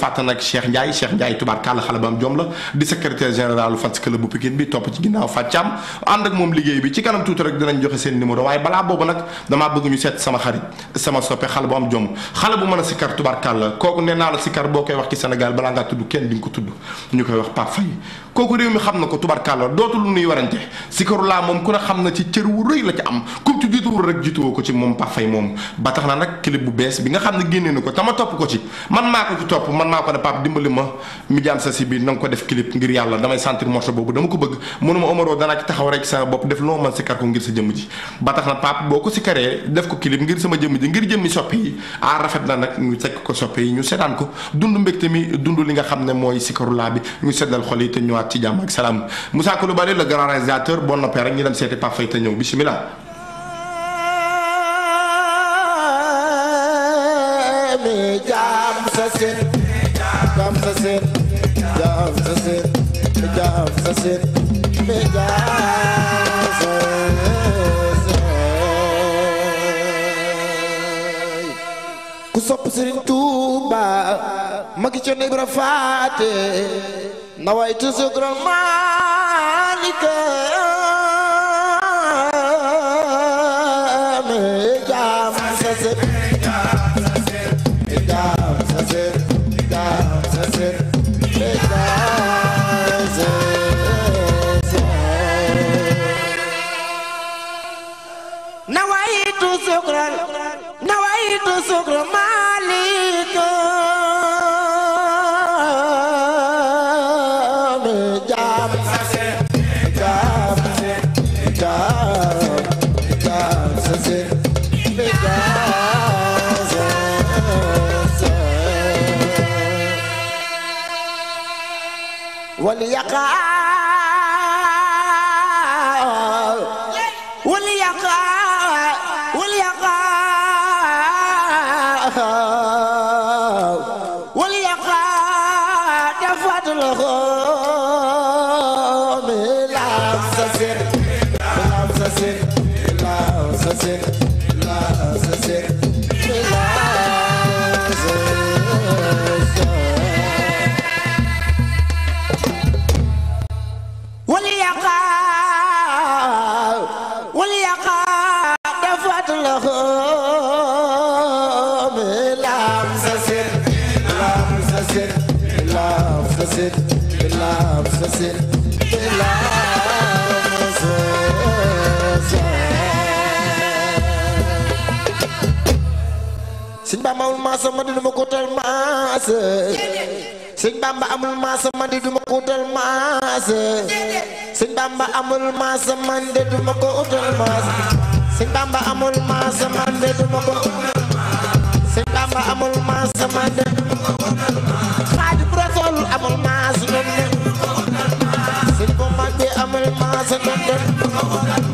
fàtta nag Cheikh Ndiaye Cheikh Ndiaye tubaarkàlla xale ba am jom la di secrétaire général Fats Club bu Pikine bi topp ci ginnaaw Fat ànd ak moom liggéey bi ci kanam tuuti rek dinañ joxe seen numéro waaye balaa boobu nag damaa bëgg ñu seet sama xarit sama soppe xale bu am jom xale bu mën a sikkar tubaarkàlla kooku ne naa la sikkar boo koy wax ci Sénégal balaa ngaa tudd kenn di nga ko tudd ñu koy wax Pape kooku réew mi xam na ko tubarkàlla dootul nuy warante Sikaru laa moom ku ne xam na ci cër wu rëy la ci am comme ci jiituwul rek jiituwoo ko ci moom Pape Faye moom ba tax na nag clip bu bees bi nga xam ne génnee na ko tama topp ko ci man maa topp man maa ko ne Pape dimbali ma mi si biir na ko def clip ngir yàlla damay sentir morceau boobu dama ko bëgg mënuma Omaro danaa ci taxaw rek sa bopp def loo man sikar ko ngir sa jëmm ji ba tax na Pape boo ko sikaree def ko clip ngir sama jëmm ji ngir jëmmi soppe yi ah rafet na na ñu ko soppe ñu seetaan ko dund mbégte mi dund li nga xam ne mooy Sikaru laa bi ñu seddal xol yi te ñëwaat ci jàmm ak salaam Moussa Coulibaly le grand réalisateur boo noppee rek ñu dem seeti Pape Faye te ñëw bisimilah. ku sopp Serigne Touba magi ci Ibra Faate نويت شكر المالك kuutal maase sëñ bamba amul maasa man de duma kuutal maase sëñ bamba amul maasa man de duma ko utal maase sëñ bamba amul maasa man de duma ko utal maase sëñ bamba amul maasa man de duma ko utal maase xaadimu rasuul amul maasa man de duma ko utal maase sëñ bamba amul maasa man de duma ko utal maase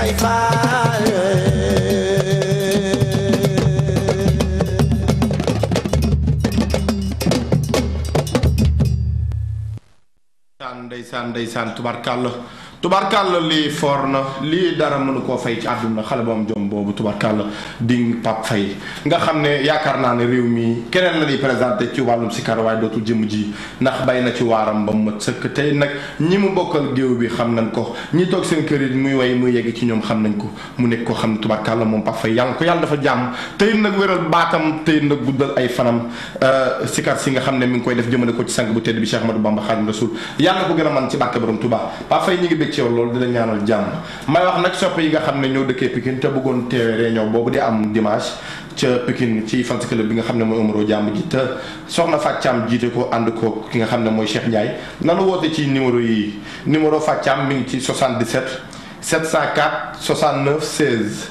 Baay Faal saan ndeysaan ndeysaan tubarkàlla tubarkàlla lii foor na lii dara mënu koo fay ci àdduna xale bu am jom boobu tubarkàlla di Pape Faye nga xam ne yaakaar naa ne réew mi keneen la di présenté ci wàllum sikar waaye dootul jëm ji ndax bay na ci waaram ba mu sëkk tey nag ñi mu bokkal géew bi xam nañ ko ñi toog seen kër yi muy way muy yegg ci ñoom xam nañ ko mu nekk koo xam ne tubarkàlla moom Pape Faye yàlla ko yàlla dafa jàmm tey nag wéral baatam tey nag guddal ay fanam euh, sikar si nga xam ne mi ngi koy def jëmale ko ci sang bu tedd bi Cheikh Ahmadou ko gën a man ci bàkk borom Touba Pape Faye ñi ngi bég ci yow loolu doon teewee boobu di am dimanche ca Pikine ci fans club bi nga xam ne mooy Omaro Jàmm ji te soxna Fatou Thiam jiite ko ànd ko ki nga xam ne mooy Cheikh Ndiaye nanu woote ci numéro yi numéro Fatou Thiam mi ngi ci 77 704 69 16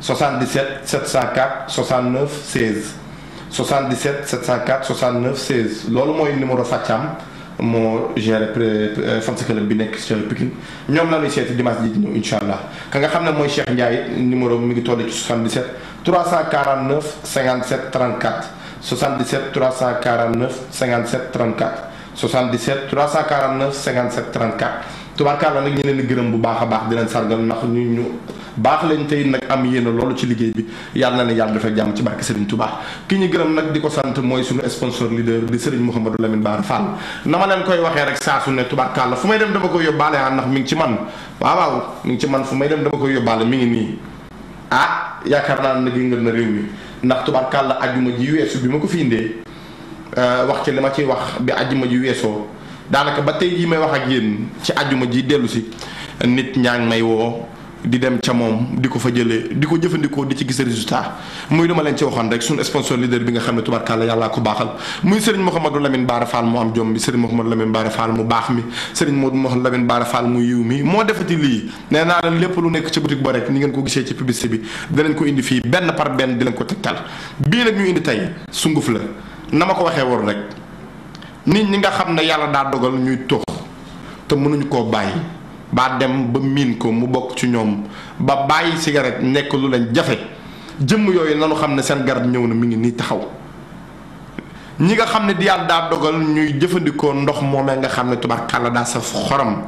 77 704 69 16 77 704 69 16 loolu mooy numéro Fatou moo géré euh, fans club bi nekk ca Pikine ñoom la ñuy seeti dimanche ji di ñëw incha allah ka nga xam ne mooy Cheikh Ndiaye numéro mi ngi toll ci 77 349 57 34 77 349 57 34 77 349 57 34. tubaarkàlla nag ñu leen gërëm bu baax a baax di leen sargal ndax ñu ñu baax lañ tey nag am yéene loolu ci liggéey bi yàlla na ne yàlla defal jàmm ci barke Serigne Touba ki ñu gërëm nag di ko sant mooy suñu sponsor leader di Serigne Mouhamadou Lamine Bara Fall na ma leen koy waxee rek saa ne tubaarkàlla fu may dem dama koy yóbbaale ah ndax mi ngi ci man waaw waaw mi ngi ci man fu may dem dama koy yóbbaale mi ngi nii ah yaakaar naa ne yëngal na réew mi ndax tubaarkàlla ajuma ji weesu bi ma ko fi indee euh, wax ci li ma ciy wax bi ajuma ji weesoo daanaka ba tey jii may wax ak yéen ci àjjuma ji dellu si nit ñaa ngi may woo di dem ca moom di ko fa jëlee di ko jëfandikoo di ci gis résultat muy dama leen ci waxoon rek suñu sponsor leader bi nga xam ne tubarkàlla yàlla ko baaxal muy sëriñ Mouhamadou Lamine Bara Fall mu am jom bi sëriñ Mouhamadou Lamine Bara Fall mu baax mi sëriñ Mouhamadou Lamine Bara Fall mu yiw mi moo defati lii nee naa leen lépp lu nekk ci boutique ba rek ni ngeen ko gisee ci publicité bi danañ ko indi fii benn par benn d leen ko tegtal bii nag ñu indi tey sunguf la na ma ko waxee woon rek nit ñi nga xamne yalla da dogal ñuy tox te mënuñ ko bayyi ba dem ba min ko mu bok ci ñom ba bayyi cigarette nek lu leen jafé jëm yoy nanu xamne sen seen garab ñëw na mi ngi ni taxaw ñi nga xamne di yalla da dogal ñuy jëfëndiko ndox momé nga xamne ne tubarkàlla daa saf xorom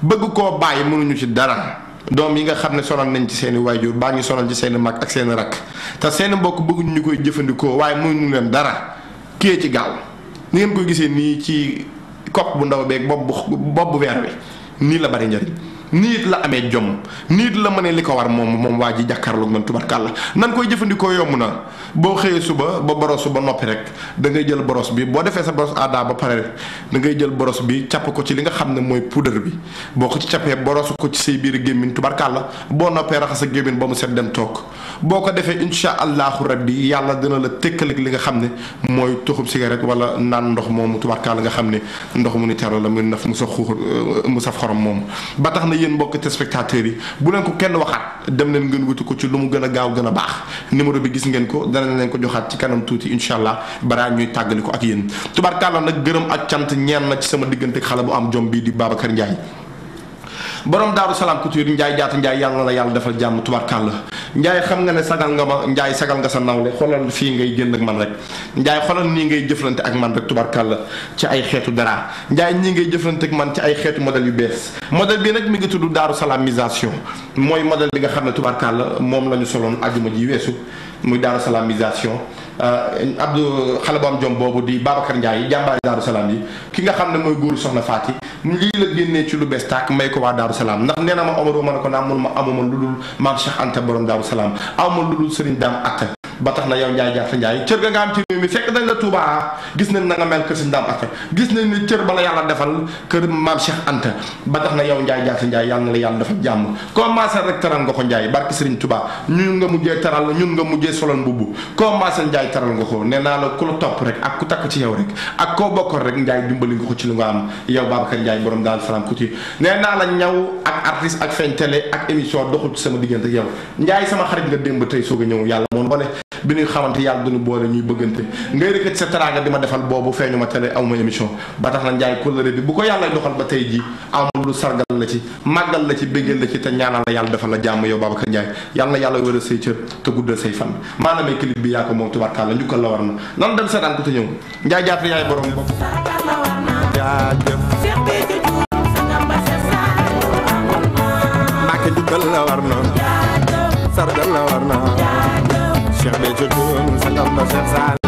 bëgg ko bayyi mënuñu ci dara doom yi nga xamne sonal nañ ci seen waajur ba ngi sonal ci seen mak ak seen rak ta seen mbokk bëgg ñu koy jëfëndiko waye mënuñu leen dara kii ci gaaw ni ngeen koy gisee nii ci kopp bu ndaw beeg bopp bu bopp weer bi nii la bari njariñ niit la amee jom niit la mënee li ko war moom moom waa ji jàkkaarloog man tubarkàlla nan koy jëfandikoo yomb na boo xëyee suba ba boros ba noppi rek da ngay jël boros bi boo defee sa boros aada ba pare da ngay jël boros bi capp ko ci li nga xam ne mooy poudre bi boo ko ci cappee boros ko ci say biir gémmin tubarkàlla boo noppee raxas sa gémmin ba mu set dem toog boo ko defee incha allahu rabbi yàlla dina la tëkkalik li nga xam ne mooy tuxub cigarette wala naan ndox moomu tubarkàlla nga xam ne ndox mu ni teral la mu naf mu sa xuur mu saf xorom moomu ne yéen mbokk te spectateurs yi bu leen ko kenn waxaat dem leen ngeen wuti ko ci lu mu gën a gaaw gën a baax numéro bi gis ngeen ko dana leen ko joxaat ci kanam tuuti incha allah balaa ñuy tàggali ko ak yéen tubaarkàlla nag gërëm ak cant ñeen na ci sama diggante xale bu am jom bii di Babacar Ndiaye borom daaru salaam couture njaay jaata njaay yàlla na la yàlla defal jàmm tubarkàlla njaay xam nga ne sagal nga ma njaay sagal nga sa nawle xoolal fii ngay génn ak man rek njaay xoolal nii ngay jëfalante ak man rek tubarkàlla ci ay xeetu dara njaay ñii ngay jëflante ak man ci ay xeetu modèle yu bees modèle bii nag mi ngi tudd daaru salamisation mooy modèle bi nga xam ne tubarkàlla moom la ñu soloon ajuma ji weesu muy daaru salamisation Euh, Abdou xale bu am jom boobu di Babacar Ndiaye jàmbaari Daaru Salaam yi ki nga xam ne mooy góoru soxna Faati lii la génnee ci lu bees tàkk may ko waa Daaru Salaam ndax nee na ma Omaro ma ne ko naa mun ma amuma lu dul maam Cheikh Anta borom Daaru Salaam amuma lu dul Serigne Dame Atta ba tax na yow njaay jaar sa njaay cër ga nga am ci réew mi fekk nañ la Touba gis nañ na nga mel kër sindam ak gis nañ ni cër bala yalla defal kër mam Cheikh Anta ba tax na yow njaay jaar sa njaay la yalla dafa jàmm commencé rek taral nga ko njaay barki Serigne Touba ñun nga mujjé taral ñun nga mujjé solon bubu commencé njaay taral nga ko né na la ku la top rek ak ku tak ci yow rek ak ko bokkoon rek njaay dimbali nga ko ci lu nga am yow babakar Njaay borom dal salam kuti né na la ñaw ak artiste ak fen télé ak émission doxul sama diggante yow njaay sama xarit nga demb tay soga ñew yalla mo moon bi ñuy xamante yàlla duñu boole ñuy bëggante ngay rëkkat sa teraanga di ma defal boobu feeñu ma télé aw ma émission ba tax na njaay kóllëre bi bu ko yàlla doxal ba tey ji amul lu sargal la ci màggal la ci béggal la ci te ñaanal la yàlla defal la jàmm yow Babacar Ndiaye yàlla na yàlla wéral say cër te guddal say fan maanaam clip bi yaa ko moom tubarkàlla njukkal la war na njaay jaata yaay borom bopp Mbàkke njukkal la war na to do, so don't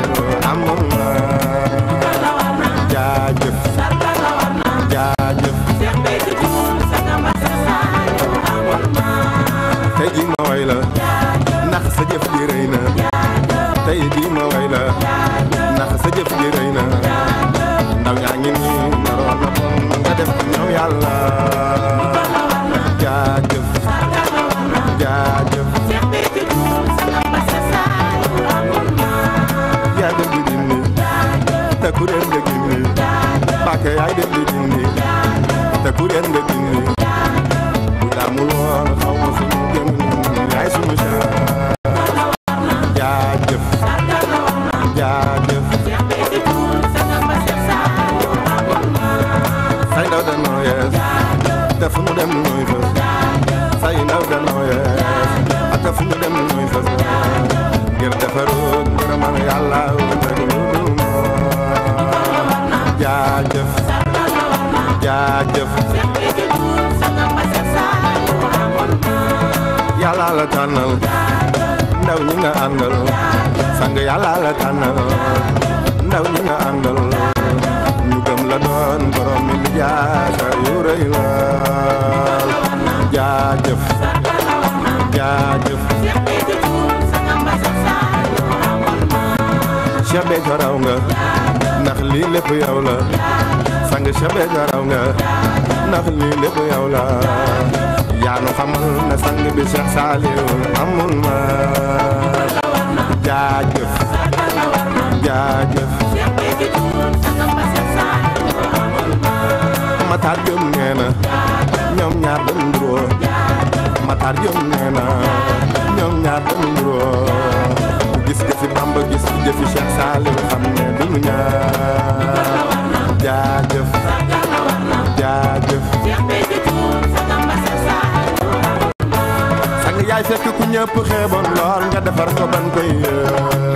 yaay fekk ku ñëpp xeeboon lool nga defar ko ban koy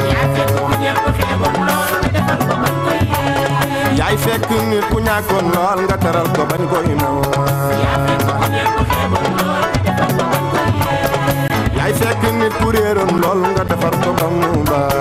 yaay fekk ku ñëpp xeeboon lool nga defar ko ban koy yaay fekk nit ku ñàkkoon lool nga teral ko ban koy nga defar ko ba mu baax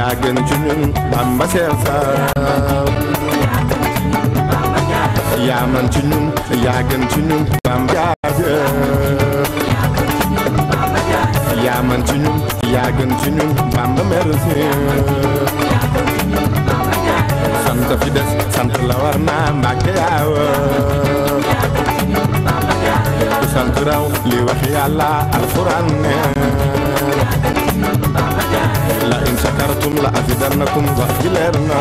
yaa gën ci ñun Bamba Seex man ci ñun yaa gën ci ñun Bamba jaajëf yaa man ci la war naa Mbàkke yaaw sant raw li wax yàlla alxuraan ne la in sakartum la azidannakum wax ji leer na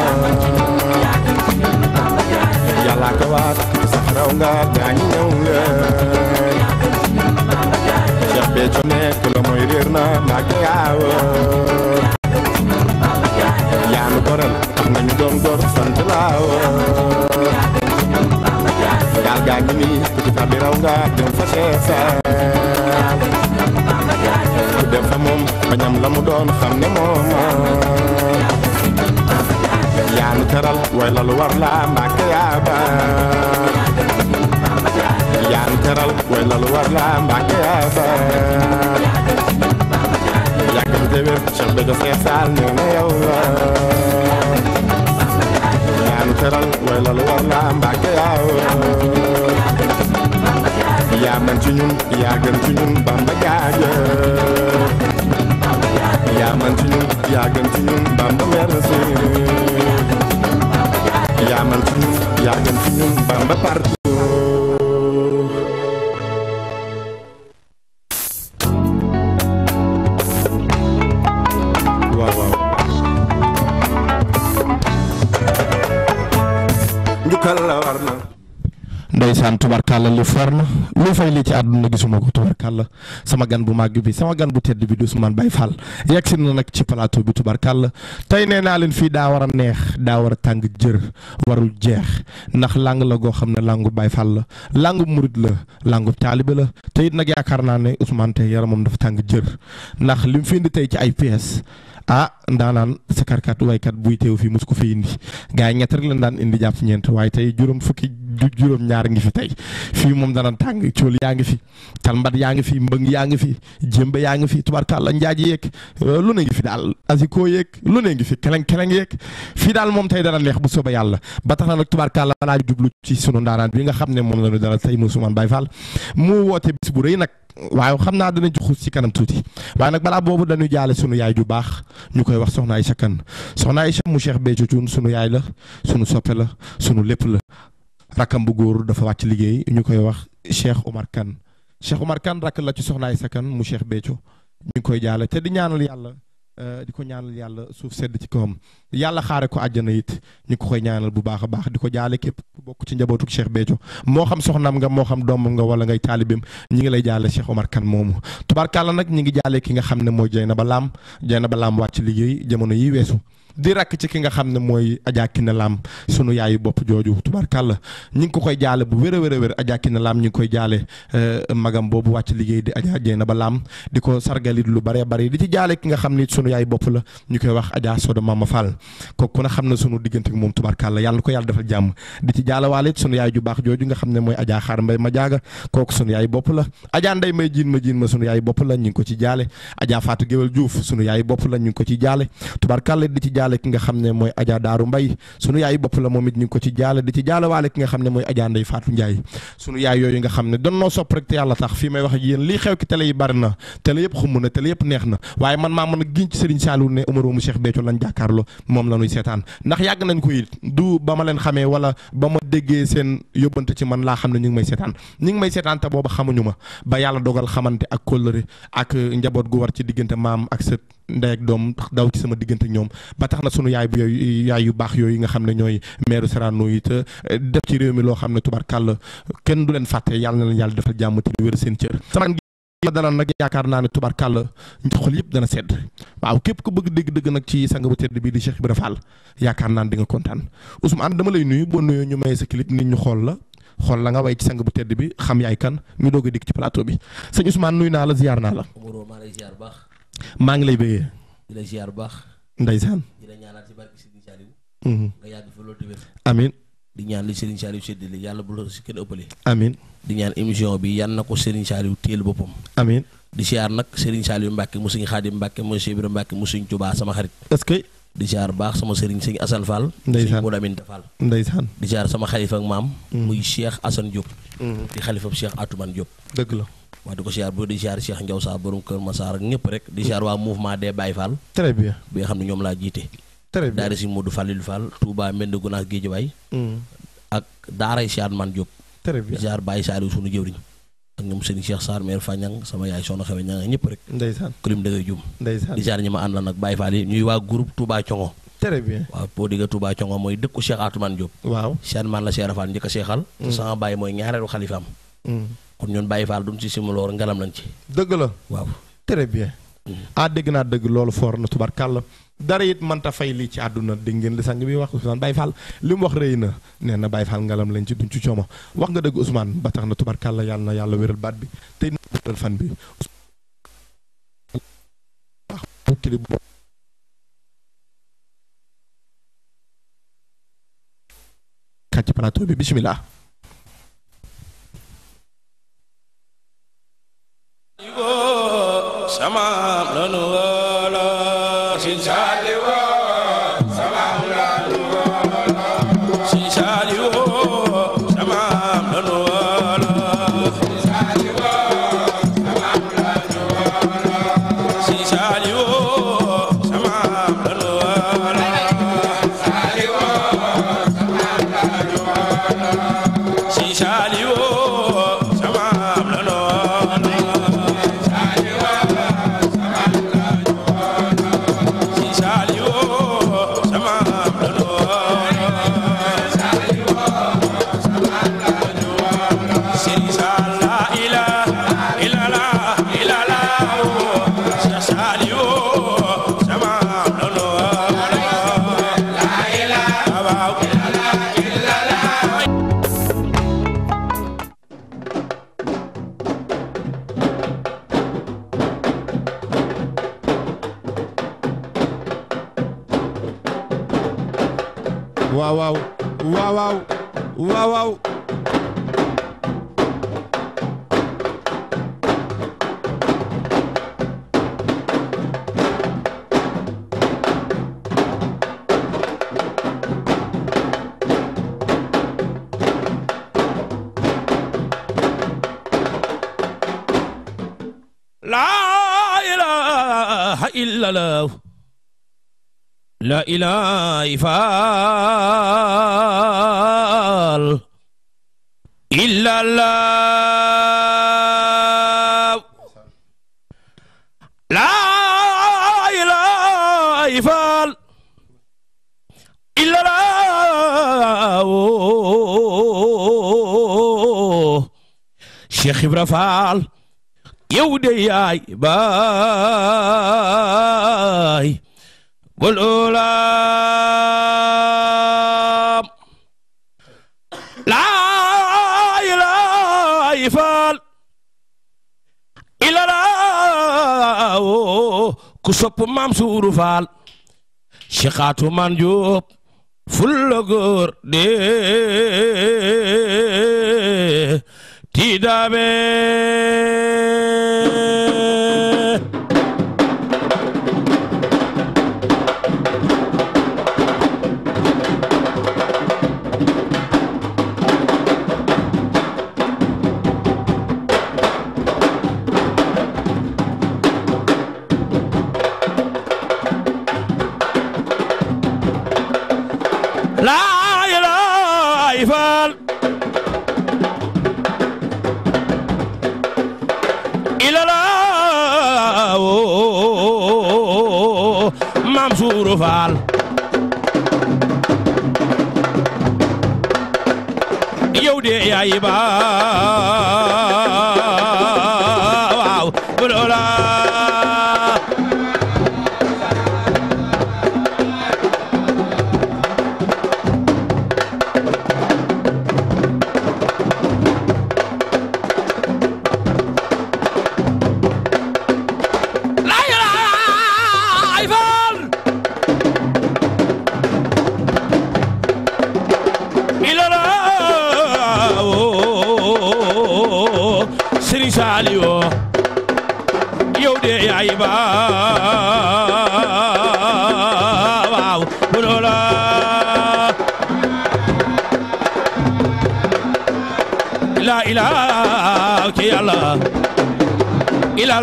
yàlla ko waat sax raw nga gaañu ñëw leen Cheikh Béthio la mooy réer na maa ngi gaaw yaa nu goral tax nañu sant laaw gaal gaa ku ci tabi raw fa Cheikh dem fa moom ba ñam la mu doon xam ne moom yaa nu teral way la lu war la Mbàkke yaa yaa nu teral way la lu war la Mbàkke yaa yaa nu teral way la lu war la Mbàkke yaa yaa mën ci ñun yaa gën ci ñun Bamba jaajë yaa mën ci ñun yaa gën ci ñun Bamba merci yaa mën ci ñun yaa gën ci ñun Bamba parti fay lii ci àdduna gisuma ko tubarkàlla sama gan bu màgg bi sama gan bu tedd bi di Ousmane Baye Fall yegg si na nag ci plateau bi tubarkàlla tey nee naa leen fii daa war a neex daa war a tàng jër warul jeex ndax làng la goo xam ne làngu baay Fall la làngu murit la làngu taalibe la tey nag yaakaar naa ne Ousmane tey moom dafa tàng jër ndax li mu fi tey ci ay pièces ah ndaanaan sakarkat waykat buy teew fii mos ko fi indi gars yi ñett rek lañ daan indi ci ñeent waaye tey juróom fukki juróom ñaar ngi fi tey fii moom dana tàng cool yaa ngi fi talmbat yaa ngi fi mbëng yaa ngi fi jémba yaa ngi fi tubarkàlla njaaj yeeg euh, lu ne ngi fi daal asiko yeeg lu ne ngi fi keleng keleng yeeg fii daal moom tey dana neex bu soobee yàlla ba tax na nag tubarkàlla balaa jublu ci sunu ndaanaan bi nga xam ne moom la ñu dara tey mu Souman Baye Fall mu woote bis bu rëy nag waaw xam naa danañ ci xuus ci kanam tuuti waaye nag balaa boobu dañuy jaale sunu yaay ju baax ñu koy wax soxna Aïcha Kane soxna Aïcha mu Cheikh Béthio Thioune sunu yaay la sunu soppe la sunu lépp la rakkam bu góor dafa wàcc liggéey ñu koy wax Cheikh Omar kan Cheikh Omar Kane rakk la ci soxna Aïcha Kane mu Cheikh Béthio ñu ngi koy jaale te di ñaanal yàlla Euh, di ko ñaanal yàlla suuf sedd ci kawam yàlla xaare ko àjjana it ñu ko koy ñaanal bu baax a baax di ko jaale képp ku bokk ci njabootu Cheikh Béthio moo xam soxnaam nga moo xam doomam nga wala ngay taalibeem ñi ngi lay jaale Cheikh Omar Kane moomu tubaarkàlla nag ñi ngi jaale ki nga xam ne mooy Dieynaba Lam Dieynaba Lam wàcc liggéey jamono yi weesu di rakk ci ki nga xam ne mooy Adja Kiné Lam sunu yaayu bopp jooju ngi ko koy jaale bu wér a wér a wér Adja Kiné Lam ñu ngi koy jaale euh, magam boobu wàcc liggéey di Adja Dieynaba Lam di ko sargalit lu bëree bëri di ci jaale ki nga xam ne sunu yaayu bopp la ñu koy wax Adja Soda Mama Fall kooku na xam na sunu diggante ak moom tubaarkàlla yàlla ko yàlla defal jàmm ci jaalewaale sunu yaay ju baax jooju nga xam ne mooy Adja Xaar Mbay ma jaaga kooku sunu bopp la Adja Ndey May ma jiin ma sunu yaay bopp la ngi ko ci jaale Adja Faatu Géwél Juuf sunu yaay bopp la ñu ko ci jaale tubaarkàlla di ci jaale jaale ki nga xam ne mooy Adja Daaru Mbay sunu yaay bopp la moom it ñu ngi ko ci jaale di ci jaale waale ki nga xam ne mooy Adja Ndey Faatu Njaay sunu yaay yooyu nga xam ne doon noo sopp rek te yàlla tax fii may wax ak yéen lii xew ki télé yi bari na télé yëpp xumb na télé yëpp neex na waaye man maa mën a giñ ci Serigne ne Omar mu Cheikh Béthio lañ jàkkaarloo moom la seetaan ndax yàgg nañ ko du ba ma leen xamee wala ba ma déggee seen yóbbante ci man laa xam ne ñu ngi may seetaan ñu ngi may seetaan te booba xamuñu ma ba yàlla dogal xamante ak kóllëre ak njaboot gu war ci diggante maam ak ndey ak doom daw ci sama diggante ñoom ba tax na sunu yaay bu yooyu yaay yu baax yooyu nga xam ne ñooy meeru Sorano yi te def ci réew mi loo xam ne tubaar tubarkàlla kenn du leen fàtte yàlla na leen yàlla defal jàmm te wér seen cër. sama ma dalal nag yaakaar naa ne tubaar tubarkàlla xool yëpp dana sedd waaw képp ku bëgg dégg dëgg nag ci sang bu tedd bii di Cheikh Ibrahima Fall yaakaar naa ne di kontaan Ousmane dama lay nuyu boo nuyoo ñu may sa clip nit ñu xool la. xool la nga way ci bi xam yaay kan ñu doog a ci plateau bi sëñ Ousmane nuyu naa la ziar naa la. Omaro maa lay ziar baax. maa ngi lay bëggee. di la ziar baax. ndeysaan. di la ñaanal ci barke mm-hmm. di ñaan li Serigne Saliou séddale yàlla bu la si kenn ëppale. amiin. di ñaan émission bi na ko Serigne Saliou téel boppam. amiin. di ziar nag Serigne Saliou Mbacke mu Serigne Khadim Mbacke mu Serigne Ibra sama xarit. est di ziar baax sama sëriñ sëñ Assane Fall. ndeysaan sëñ Modou Aminta Fall. ndeysaan di ziar sama xalifa ak maam. Mm-hmm. muy Cheikh Assane Diop. Mm-hmm. di xalifam Cheikh Atoumane Diop. waaw di ko siyaar bu di siyaar Cheikh Ndiaw Sarr borom Kër Massar ak ñëpp rek di siyaar waa mouvement des Baye xam ne ñoom laa jiite très bien daara si Modou Fallil Fall mm. Man Diop très bien di siyaar Baye Saliou ñoom Serigne Cheikh Sarr maire Fagnang sama yaay soxna xewe ñanga ñëpp rek ndeysaan kulim da ngay jum ndeysaan di siyaar ñi ma àndal nag ñuy waa groupe Touba Congo très bien waaw boo digga Touba Congo mooy dëkku Cheikh Atoumane Diop waaw Cheikh Man la Cheikh Rafaan njëkk a seexal mm. sama baay mooy ñaareelu xalifaam mm. kon ñun Baye Fall duñ ci lor ngalam lañ ci. deug la waaw très bien. Mm. Ah, a deug na deug loolu for na tubarkal dara man ta fay li ci aduna de ngeen li sang bi wax Ousmane Baye Fall li wax reyna neena nee na Baye Fall ngalam lañ ci duñ ci cioma wax nga deug Ousmane ba tax na tubarkal yàlla na yàlla wëral baat bi fan bi plateau bi bismillah sama lanu wala sin sali wa واو واو واو واو واو, لا إله إلا الله لا إله إفال إلا الله لا إله إفال إلا الله شيخ برفال فال يودي باي والأولى لا إله يفعل إلا الله كسب ممسور فعل شقات منجوب فلغور دي تدابي Ibro Faal yow de yaay baal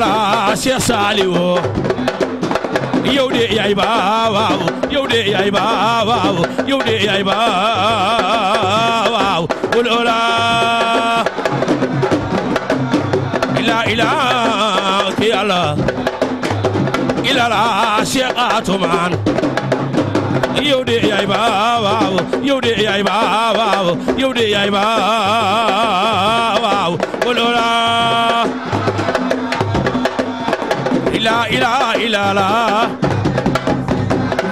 yàlla Cheikh Saliou yow de yaay baawaaw yow de yaay baawaaw ilaa ilaa ki yàlla ilaa la Cheikh Atumaan yow de yaay baawaaw yow de لا إله إلا الله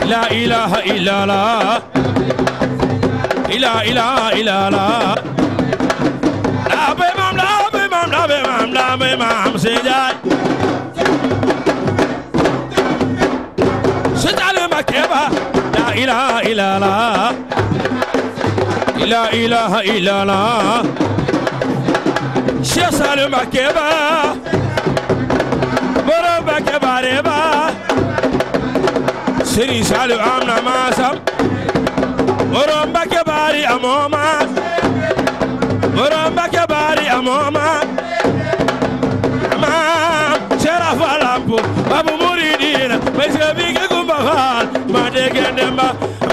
لا إله إلا الله لا إله إلا الله لا بمام لا بمام لا بمام لا بمام سجاد سجاد مكبة لا إله إلا الله لا إله إلا الله شيخ سالم مكبة borom Mbàkke bare ba Serigne Saliou am na maasam borom Mbàkke bari amoo maas borom Mbàkke bari amoo maas maam Serap Falampu babu muridina may sebi ke kumba faal ma dege ndemba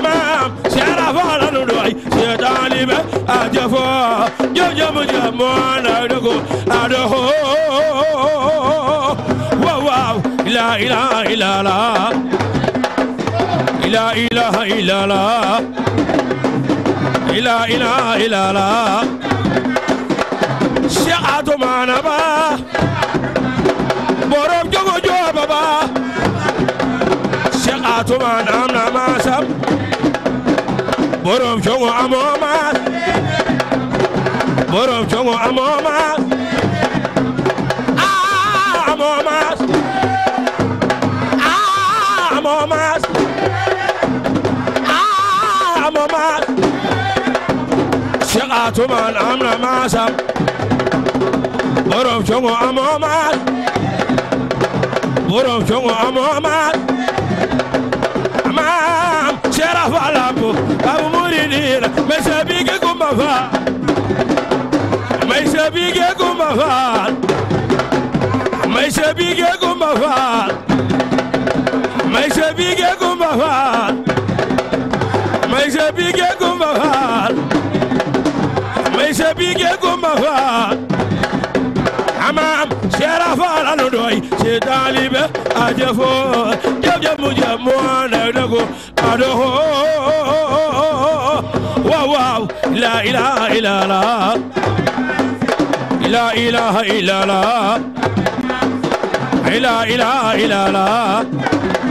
maam Serap Falalu doy seetaani be a jafoo jom jom jam moo na dogo a doxoo إله إله إلا لا لا إله إلا لا لا إله إلا لا شعات معنا با بروب جوجو جو بابا شعات معنا ما سب بروب جوجو أماما بروب جوجو أماما أماما آه، amo más. Amo más. Cheikh Atuman am ah, na maasam. Borom congo amo más. Borom congo amo más. Maam Seraf Alambo Abu Muridina may sa bige kumba faal. May sa bige kumba faal. May sa bige kumba faal. mai sabige gumba faal mai sabige gumba faal mai sabige gumba faal amam shera faal alu doy she talibe aje fo jab jab muje mo na dago ado ho wow wow la ilaha illa la la ilaha illa la لا إله إلا الله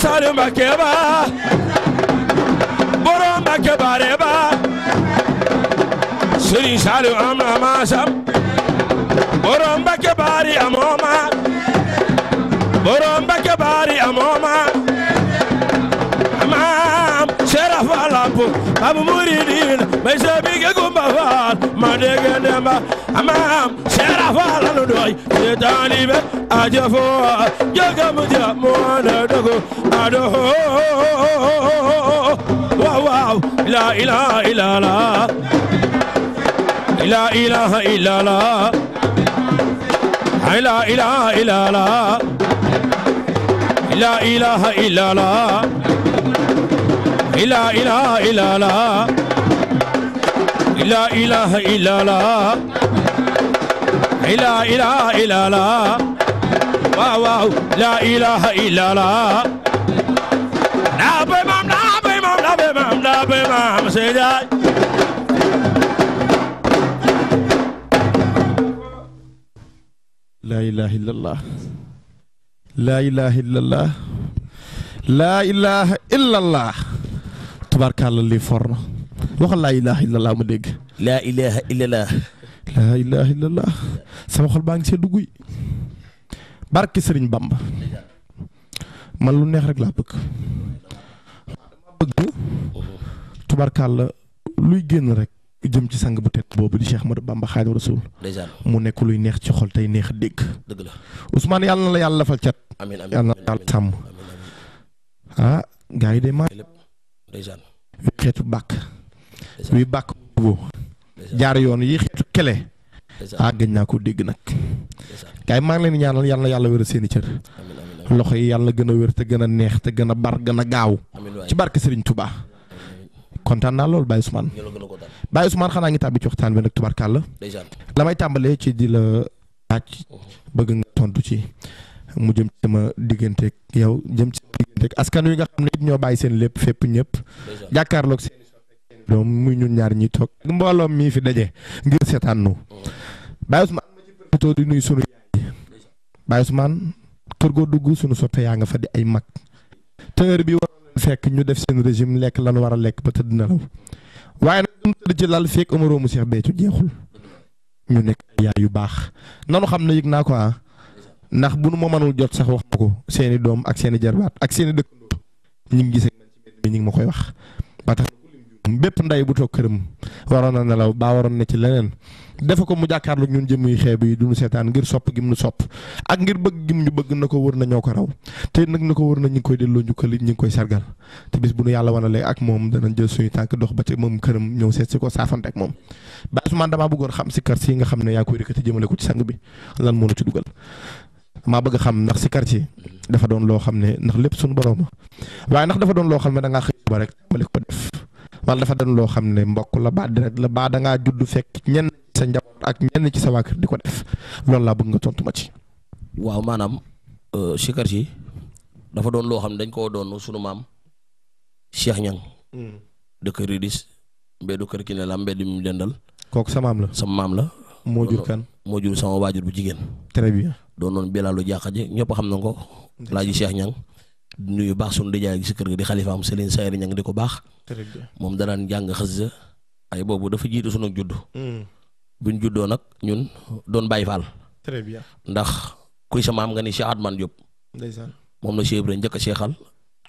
Saliou Mbacké ba borom Mbacké bare ba Serigne Saliou am na maasam borom Mbacké bari amoo ma borom Mbacké bari amoo ma maam Serap Lamp Babu Mouridine bay sa bi faal ma dégg demba maam Cheikh Faal la nu doy ci taalibe aja faal jóge mu ja mu wane dogu ado waaw waaw la ilaha illallah la ilaha illallah la ilaha illallah la ilaha illallah la ilaha illallah لا إله إلا الله لا إله إلا الله واو واو لا إله إلا الله نابي مام نابي مام نابي مام نابي مام سيداي لا إله إلا الله لا إله إلا الله لا إله إلا الله تبارك الله اللي فرنا waxal laa ilaaha illallah ma dégg. laa ilaaha sama xol baa ngi see dugg yi Sëriñ Bamba man lu neex rek laa bëgg. bëgg la luy génn rek jëm ci sang bu tedd boobu di Cheikh Ahmadou Bamba Xaadimu Rasuul mu nekk luy neex ci xol tey neex a dégg dëgg la Ousmane yàlla na la yàlla lafal cat amiin amiin yàlla na la yàlla sàmm ah yi de maa xeetu bàkk wi bàkk bu jaar yoon yi xeetu kele ah gëj naa ko dégg nag kay maa ngi leen di ñaanal yal na yàlla wéral seeni cër loxo yi yàlla gën a wér te gën a neex te gën a bar gën a gaaw ci barke Serigne Touba kontaan naa loolu Baye Ousmane Baye Ousmane xanaa ngi tàbbi ci waxtaan bi nag tubarkàlla la may tàmbalee ci di la laaj uh-huh. bëgg nga tontu ci mu jëm sama digganteeg yow jëm ci digganteeg askan wi nga xam ne ñoo bàyyi seen lépp fépp ñëpp jàkkaarloog seen donc muy ñun ñaar ñuy toog mbooloo mii fi daje ngir seetaan nu Baye Ousmane ma ci profité di nuyu sunu yaay Baye Ousmane kër goo dugg sunu soppe yaa nga fa di ay mag te bi war fekk ñu def seen régime lekk lan war a lekk ba tëdd nelaw waaye nag ñu ci lal fekk Omaro mu Cheikh Béthio jeexul ñu nekk yaay yu baax nanu xam ne yëg naa ko ah. ndax bu nu ma mënul jot sax wax ko seeni doom ak seeni jarbaat ak seeni dëkk ñu ngi gis ñu ngi ma koy wax bépp nday bu toog këram waroon na nelaw baa waroon na ci leneen defe ko mu jàkkaarlu ñun jëm yi xeeb yi du ñu seetaan ngir sopp gim nu sopp ak ngir bëgg gim ñu bëgg na ko wër na ñoo ko raw te nag na ko wër na ñu ngi koy delloo njukkal it ñu ngi koy sargal te bis bu nu yàlla wanalee ak moom danañ jël suñu tànk dox ba ci moom këram ñëw seet si ko saafante ak moom ba Ousmane damaa bëggoon xam si kar nga xam ne yaa koy rëkkati jëmale ko ci sang bi lan moo nu ci dugal maa bëgg xam ndax si quartier dafa doon loo xam ne ndax lépp suñu borom waaye ndax dafa doon loo xam ne da ngaa xëy ko def man dafa don lo xamne ne mbokk la rek la ba da nga judd fek ñen sa njaboot ak ñen ci sa waa diko di def lool la bëgg nga tontu ma ci. waaw maanaam sikar euh, si dafa don lo? xamne dañ ko doon suñu mam Cheikh Niang. Hmm. dëkk Ridis mbeddu keur ki ne la mi dendal. kok sa mam la sa mam la. mo jur kan mo jur sama wajur bu jigen très bien. doonoon Bilalu Diakhaje ñëpp xam na ko. Laaji Cheikh Niang. di nuyu baax sunu nijaay gi si kër gi di xalifaam Serigne Sayri ña di ko baax. moom danaan jàng xasida ay boobu dafa jiitu sunu judd. Hmm. bu ñu juddoo nag ñun doon Baay Faal. très ndax kuy sama am nga ni Cheikh Atman Diop. moom la Cheikh Ibrahima seexal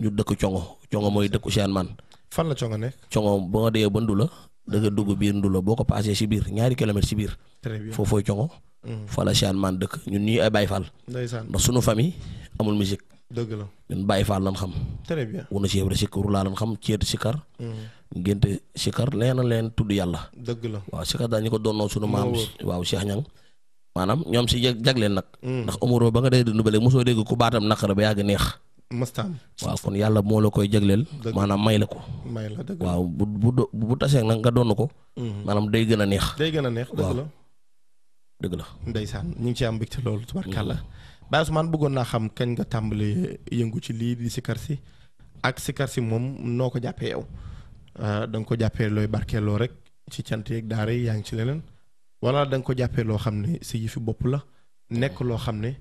ñu dëkk Congo Congo mooy dëkku Cheikh Atman. fan la Congo nekk. Congo boo dee ba Ndula. da nga dugg biir Ndula boo ko paasee si biir ñaari kilomètres si biir. très bien foofu fooy Congo. Hmm. fa la Cheikh Atman dëkk ñun ñuy ay Baay Faal. ndeysaan ndax sunu famille amul musique. dëgg la ñun Baye Fall lan xam. très bien wu na si yëpp sikkur laa lan xam ceet sikar. Mm-hmm. ngénte sikar leen a leen tudd yàlla. dëgg la waaw sikar daal ñu ko doonoo sunu maam. waaw Cheikh Niang maanaam ñoom si jagleel nag. Mm. ndax umur ba nga dee dund ba léegi mosoo dégg ko baatam naqar ba yàgg neex. mastaan waaw kon yàlla moo la koy jagleel. maanaam may la ko. may la dëgg waaw bu bu do bu tasee nag nga doon ko. Mm-hmm. maanaam day gën a neex. day gën a neex dëgg waaw dëgg la. ndeysaan ñu ngi ci am mbégte loolu tubarkàlla mm-hmm. Baye Ousmane bëggoon naa xam kañ nga tàmbali yëngu ci lii di sikar si ak sikar si moom noo ko jàppee yow euh, da ko jàppee looy barkeeloo rek ci cant yeeg daara yaa ngi ci leneen wala da ko jàppee loo xam ne si yëfi bopp la nekk loo xam ne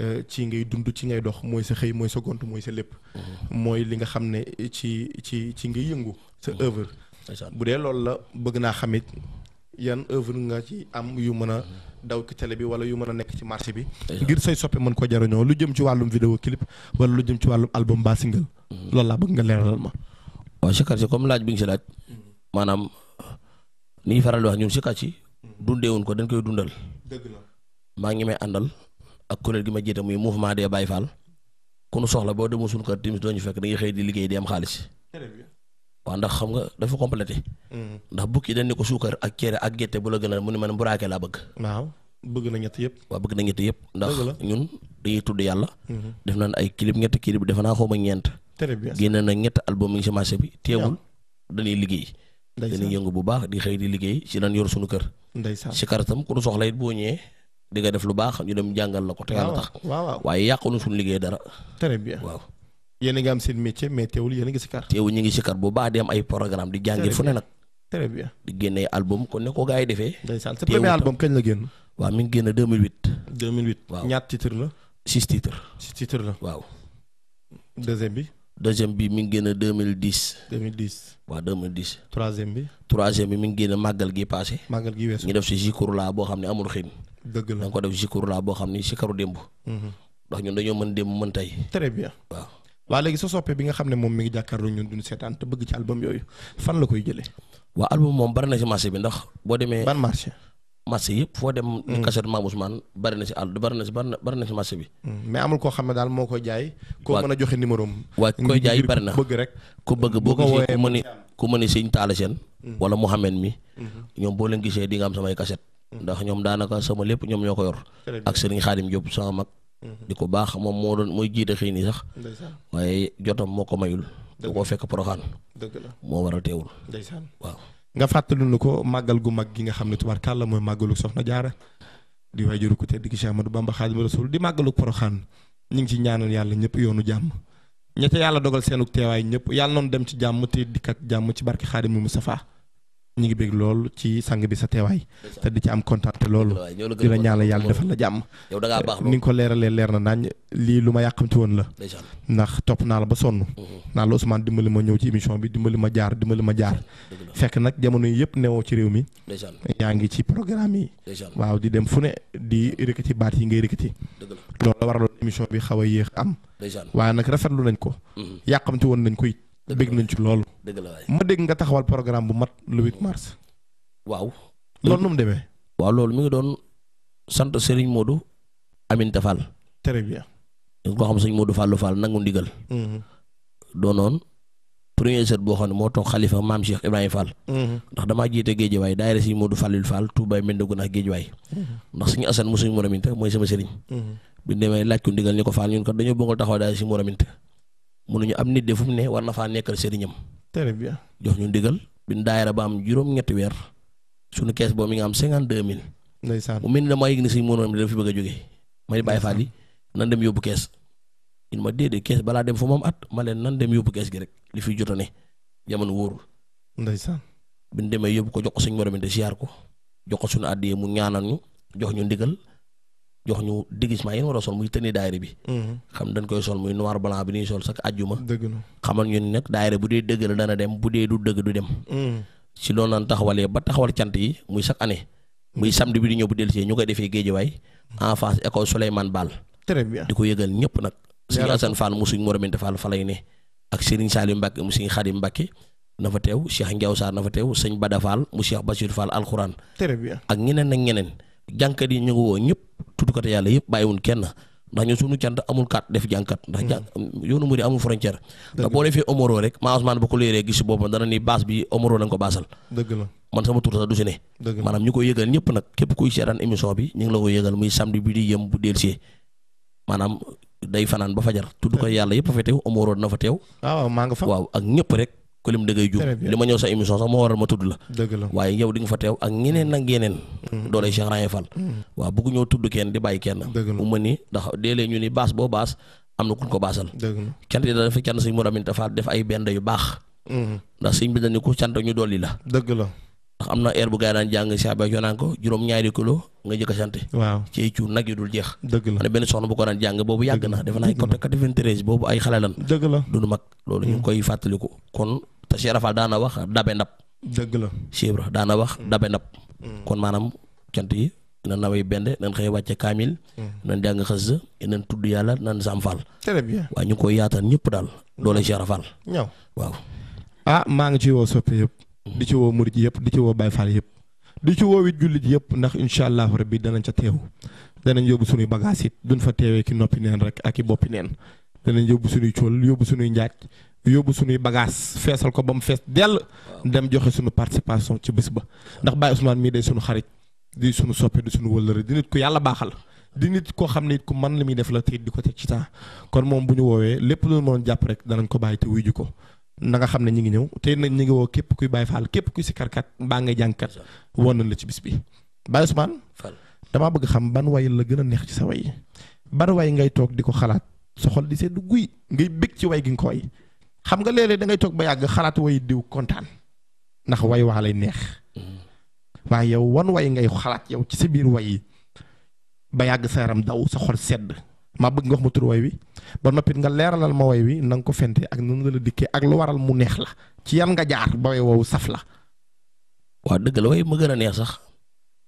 euh, ci ngay dund ci ngay dox mooy sa xëy mooy sa mooy sa lépp. Mm-hmm. mooy li nga xam ne ci ci ci ngay yëngu. sa mm-hmm. œuvre bu dee loolu la bëgg naa xamit yan œuvre nga ci am yu mën a. Mm-hmm. daw ci télé bi wala yu mën a nekk ci marché bi. ngir say soppe mën ko jariñoo lu jëm ci wàllum vidéo clip wala lu jëm ci wàllum album ba single. Mhm. loolu laa bëgg nga leeralal ma. waaw sikar si comme laaj bi nga si laaj. maanaam ni ñuy faral di wax ñun sikar si. Mhm. dundeewuñ ko dañ koy dundal. dëgg maa ngi may àndal ak kuréel gi ma jiite muy mouvement des Baye Fall. ku nu soxla boo demoo suñu kër timis doo ñu fekk da ngay xëy di liggéey di am xaalis. waaw ndax xam nga dafa complété. Mm. ndax bukki dañ ne ko sukar ak kéré ak gété bu la gënal mu ne man buraake la bëgg. waaw bëgg na ñett yépp wa bëgg na ñett yépp ndax ñun dañuy tudd yàlla. Mm-hmm. def nañ ay clip ñett clip def na xoma ñent ñeent. très bien génne na ñett album ci marché bi. téwul dañuy liggéey. dañuy yëngu bu baax di xey di liggéey ci lan yor suñu kër. ndeysaan ci karatam ku nu soxla it bo ñé di nga def lu baax ñu dem jangal la ko. te yàlla tax waaye yàqunu suñu liggéey dara. très bien waaw yéen a ngi am seen métier mais teewul yéen a ngi sikar. teewul ñu ngi sikar bu baax di am ay programme di jàngir fu ne nag. di génne album kon ne ko yi defee. ndeysaan album kañ la génn. waaw mi ngi génn 2008. 2008 deuxième bi. deuxième mi ngi génn 2010. 2010 waaw 2010. troisième bi. troisième bi mi ngi génn màggal gi passé. màggal gi weesu ñu def si Zikru la boo xam ne amul xin. dëgg la da nga ko def Zikru la boo xam ne si karu démb. Mhm. ndax ñun dañoo mën démb mën tey. très bien waaw. wa legi so soppe bi nga xamne mom mi ngi jàkkaarloo ñun duñu seetaan te bëgg ci album yoyu fan la koy jëlé wa album mom bari na ci marché bi ndax bo démé ban marché. marché yépp fo dem. Hmm. ni cassette mam Ousmane bari na ci àll bari na ci bari na ci marché bi. Hmm. mais amul ko xamne dal daal koy jaay. ko mëna joxe numéro am. koy jaay bari na bëgg rek. ku bëgg bo ko gisee ku mëni ku hmm. wala mohammed mi. ñom bo leen gisé di nga am samay cassette ndax ñoom daanaka sama lépp ñom ñoko yor. ak Serigne Khadim Diop sama mak di ko baax moom moo doon mooy jiite xëy nii sax. waaye jotam moo ko mayul. dëgg ko fekk poroxaan. dëgg la moo waral teewul. ndeysaan waaw. nga fàttali nu ko màggal gu mag gi nga xam ne tubaarkàlla mooy màggalu soxna jaara di waajuru ko tedd gi Cheikh Ahmadou Bamba Xaadimu Rasuul di màggalu poroxaan ñu ngi ci ñaanal yàlla ñëpp yoonu jàmm. ñette yàlla dogal seenug teewaay ñëpp yàlla noonu dem ci jàmm te dikkat jàmm ci barke Xaadimu Mustafaa ñu ngi bégg lool ci sang bi sa teewaay te di ci am kontaan loolu di la ñaanal yàlla defal la jàmm ni nga ko leeralee leer na naañ lii lu ma yàqamti woon la ndax topp naa la ba sonn mm-hmm. naa la Ousmane dimbali ma ñëw ci émission bi dimbali ma jaar dimbali ma jaar fekk nag jamono yi yëpp newoo ci réew mi yaa ngi ci programme yi waaw di dem fu ne di rëkkati baat yi ngay rëkkati loolu la waraloon émission bi xaw a yéex am waaye nag rafetlu nañ ko mm-hmm. yàqamti woon nañ ko it bëgg nañ ci loolu. dëgg la ma dégg nga taxawal programme bu mat lu 8 mars. waaw. loolu nu mu demee. loolu mi ngi doon sant Serigne moodu Aminta Fall. très bien. ñu ko xam sëñ Modou Fallou Fall nangu ndigal. Mm-hmm. doonoon premier set boo xam ne moo toog xalifa maam Cheikh Ibrahima Fall. Mm-hmm. ndax damaa jiite géejewaay daayira sëñ Modou Fallil Fall Touba Mendogu nax géejewaay. ndax suñu asan mu suñu Mor Aminta mooy sama Serigne. Mm-hmm. bu ñu demee laaj ko ndigal ñu ko Fall ñun kat dañoo bëgg taxaw daayira sëñ Mor Aminta ñu am nit de fu mu ne war na faa nekkal sëriñam. très bien jox ñu ndigal. bi daayira ba am juróom-ñetti weer suñu kees boobu mi nga am cinquante deux mille. ndeysaan mu mel ni damaa yëg ne si mënoon dafa fi bëgg ma di bàyyi faal yi nan dem kees. ma déedéet kees balaa dem fu moom at ma leen nan dem yóbbu kees gi rek li fi jot a ne jamono wóorul. ndeysaan bi ñu demee yóbbu ko jox ko suñu morom de siyaar ko jox ko suñu àddiyee mu ñaanal ñu jox ñu ndigal. jox ñu déguisement yéen war a sol muy tënee daayira bi mm-hmm. xam dañ koy sol muy noir blanc bi ñuy sol sax ajjuma xamal ñun nag daayira bu dee dëgg dana dem bu dee du dëgg du dem mm-hmm. si loolu naan taxawalee ba taxawal cant yi muy chaque année muy mm-hmm. samedi bi di ñëw bu ñu koy defee géejawaay en face école Souleymane Baal di ko yëgal ñëpp nag suñu Assane Fall mu suñ Moraminte Fall fa lay ne ak Serigne Saliou Mbacke mu suñu Khadim Mbacke na fa teew Cheikh Ndiaw Sarr na fa jànkat yi ñu ngi woo ñëpp tuddukate yàlla yëpp bàyyiwul kenn ndax ñu suñu cant amul kat def jànkat ndax jàng yoonu amul frontière ndax boo defee omoro rek maa Ousmane bu ko léeree gis si boppam dana ni koy yëgal ñëpp nag képp kuy seetaan émission bi ñu ngi la koy yëgal muy samedi bi di yëm bu dellusee maanaam day fanaan ba fajar tudd ko yàlla yëpp fa teew omoro dina fa teew ah, waaw ak ñëpp rek ko lim dagay ngay lima li sa émission sax mo waral ma tudd la waye yow di nga fa tew ak ñeneen ak mm. do lay Cheikh rayen Fall mm. bu ko ñoo tudd kenn di bay kenn mu ma ni ndax lay ñu ni bo bass amna ku ko bassal ko baasal cant yi dafa cant sëñ Mor dafa def ay benn yu bax mm. ndax sëñ bi dañ ko cyant ñu doli la deug la ndax air bu gaa daan jàng si jonan ko juroom ñaari kilo nga jëk santé sant waaw ci cuur nag yi dul jeex dëgg la ne benn soxna bu ko daan jang bobu yag na def na côté 93 bobu ay xale lan la du mak lolu ñu koy fàttaliku kon te Cheikh Rafal daana wax dabe ndab. dëgg la Cheikh daana wax mm. dabe ndab. Mm. kon maanaam cant yi na nawee bende nañ xëy wàcce kaamil. Mm. nañ jàng xës nañ tudd yàlla nañ saam faal. très bien waaw ñu ngi koy yaatal ñëpp daal doole Cheikh Rafal. ñëw waaw. ah maa ngi ci woo soppe yëpp. di ci woo murid yëpp di ci woo Baye Fall yëpp. di ci woo it jullit yëpp ndax incha allahu rabbi danañ ca teew danañ yóbbu suñuy bagages it duñ fa teewee ki noppi neen rek ak i boppi neen danañ yóbbu suñuy yóbbu suñuy njaaj yóbbu suñuy bagage feesal ko ba mu fees dell dem joxe suñu participation ci bés ba ndax Baye Ousmane mii day suñu xarit di suñu soppe suñu wëllëre di nit yàlla baaxal di nit koo xam ne it man li muy def la te di ko ci temps kon moom bu ñu woowee lépp lu mënoon danañ ko bàyyi te wuyu ji ko na nga xam ne ñi ngi ñëw te nag ñi ngi woo képp kuy Baye Fall képp kuy sikarkat baa ngay jàngkat woon nañ la ci bis bi Baye Ousmane damaa bëgg xam ban way la gën a neex ci sa way ban way ngay toog di ko xalaat soxol di sedd guuy ngay bekk ci way gi nga koy xam nga léeg da ngay tok ba yag xalat way diw contane nax way waa lay neex mm. wa yow wan way ngay xalat yow ci sa bir way ba yag sa daw sa sedd ma bëgg nga wax ma tur way wi ba nopi nga leeralal ma way wi nang ko fente ak nu la la ak lu waral mu neex la ci yan nga jaar ba way wow saf la wa deug la way ma gëna neex sax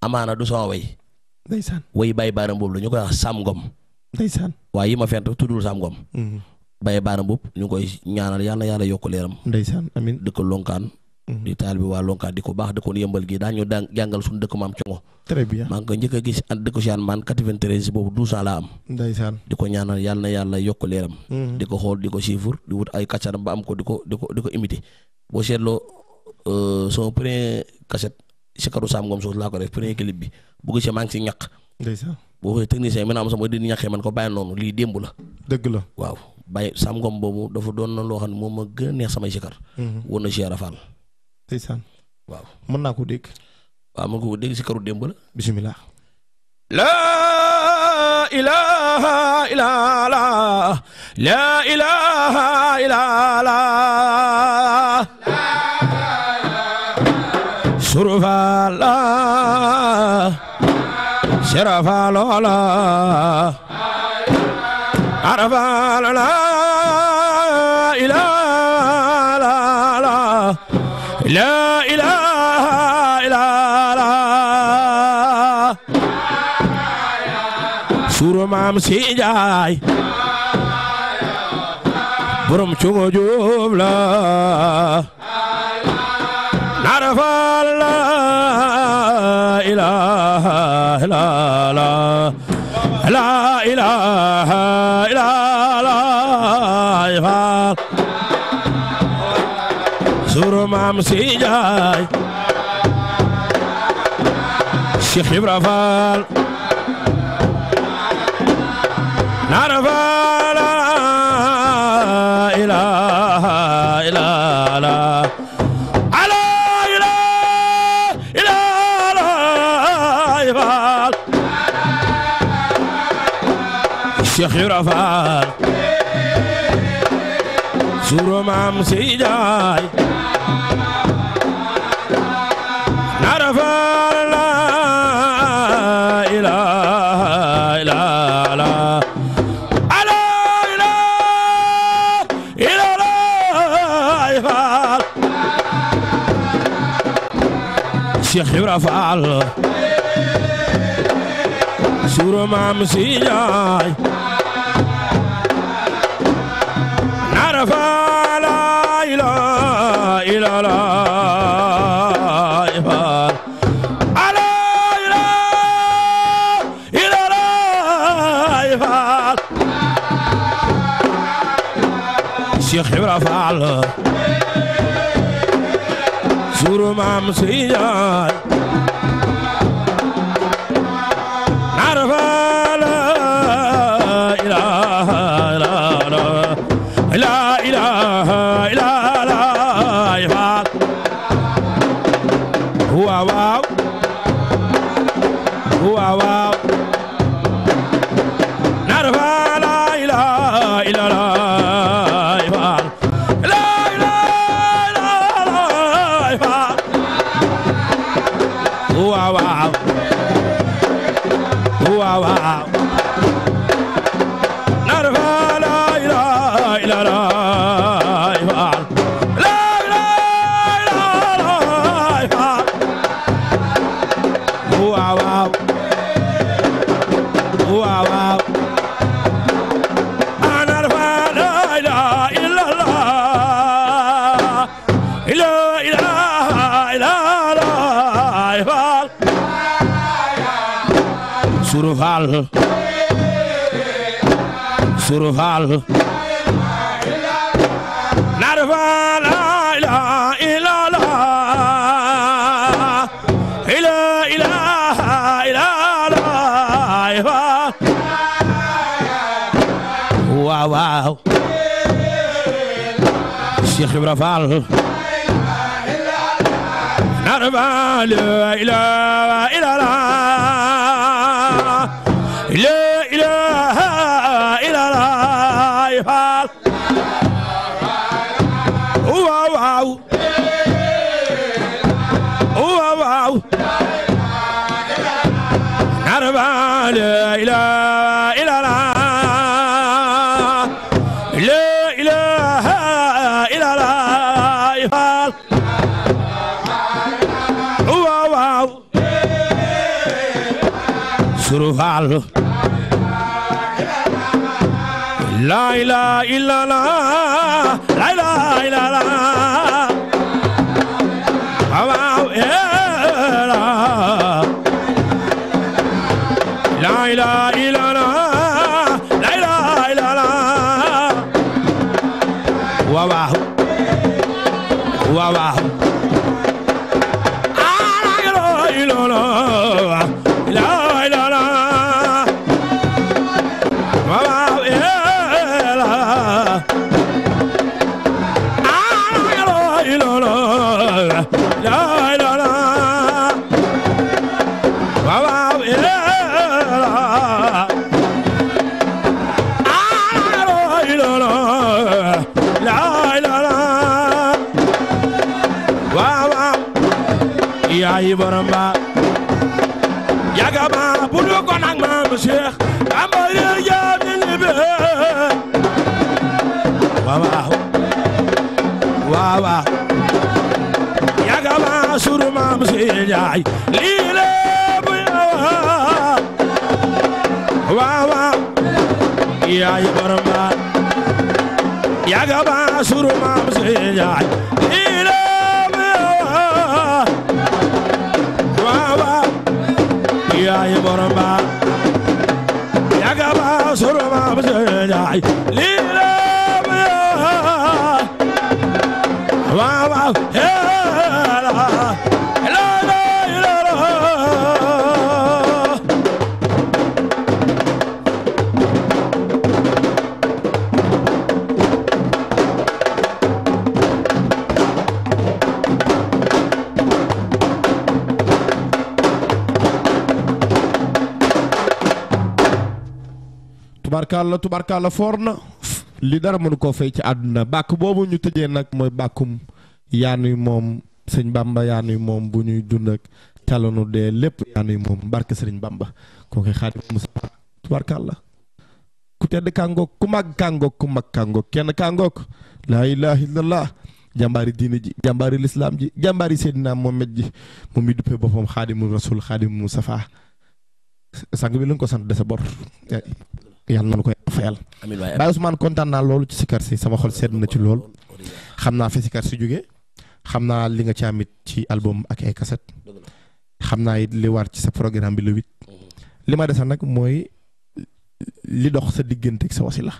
amaana du so way ndaysan way bay baram bobu wax sam gom ndeysaan waaye yi ma fent tuddul Sam Ngom mm-hmm. Baye Baana ñu koy ñaanal yàlla yàlla yokk leeram ndeysaan amiin bi mm-hmm. waa lonkaan di ko baax dëkkoon yëmbal gi daañu daan jàngal suñu dëkk maam congo très bien maa ngi ko njëkk a gis ak dëkk si aan maan 93 boobu 12 ans laa am di ko ñaanal yàlla na yàlla yokk leeram mm-hmm. di ko xool di ko siifur di wut ay kaccaram ba am ko di ko di ko di ko imité boo seetloo euh, sama premier cassette si karu Sam Ngom Soos laa ko def premier clip bi bu gisee maa si ñaq bo xoolee technicien maintenant am sama di ñaké man ko bàyyi nonu li demb la. dëgg la waaw bay Sam Ngom boobu dafa doon na lo xam ne ma gën neex sama jikar mhm. woon na Cheikh Rafal. ndeysaan waaw mën naa ko dégg. waaw mën ko dégg karu demb la. bismillah la bisimilah. laa ilaaha la laa ilaaha illallaah. surufa laa. شرفا لولا عرفا لا إله لا لا لا إله إلا لا سورة مام سيجاي برم چونگو جوب لا نعرف الله إله إلا الله لا إله إلا الله سور مام سيجاي شيخ إبراهيم نعرفه faal suuro maam siijaay naara faal laa ilaaha ilaaha laa Cheikh Ibra Faal suuro maam siijaay Cheikh Ibra Fall suru maam si survival, survival. Narval, la ila la ila ila ila la Wow wow. Sheikh Raval. Narval, ila ila la. واو واو واو نربا لا إله إلا الله survival. La la la la la la la la. waaw waaw waaw waaw waay lii la buy awaan waawaa yaay barmaan yaga baa suru maam si yaay lii la buy awaan waawaa yaay barmaan yaga baa suru maam si yaay tubarkalla tubarkalla foor na li dara mënu koo fay ci àdduna bàkk boobu ñu tëjee nag mooy bàkkum yaanuy moom sëñ Bamba yaanuy moom bu ñuy dund ak calonu dee lépp yaanuy moom barke sëriñ Bamba kooku xaadim Musaa tubarkalla ku tedd kàngook ku mag kàngook kenn kàngook laa ilaaha illallah jàmbaari diine ji jàmbaari lislaam ji jàmbaari Seydina Mohamed ji moom mi duppee boppam xaadimu rasul xaadimu Mustafa sang bi lu ko sant de sa bor yàlla nañu ko fayal Baye Ousmane kontaan naa loolu ci sikar si sama xol sedd na ci lool xam naa fi sikar si jóge xam naa li nga ci ci album ak ay kaset xam naa it li war ci sa programme bi le huit li ma desal nag li dox sa diggante ak sa wasila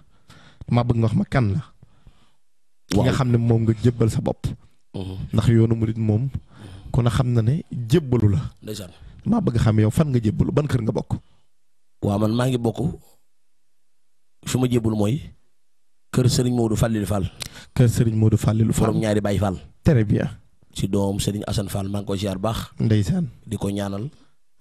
maa bëgg nga wax ma kan la ki nga xam ne moom nga jébbal sa bopp mhm. ndax yoonu murit moom kon a xam na ne jébbalu la maa bëgg xam yow fan nga jébbalu ban kër nga bokk waaw man maa ngi bokk fi ma jébul mooy kër Serigne Modou Fallil Fall. kër Serigne Modou Fallil Fall borom ñaari Baye Fall. très bien. si doom Serigne Assane Fall maa ngi ko ziar baax. ndeysaan di ko ñaanal.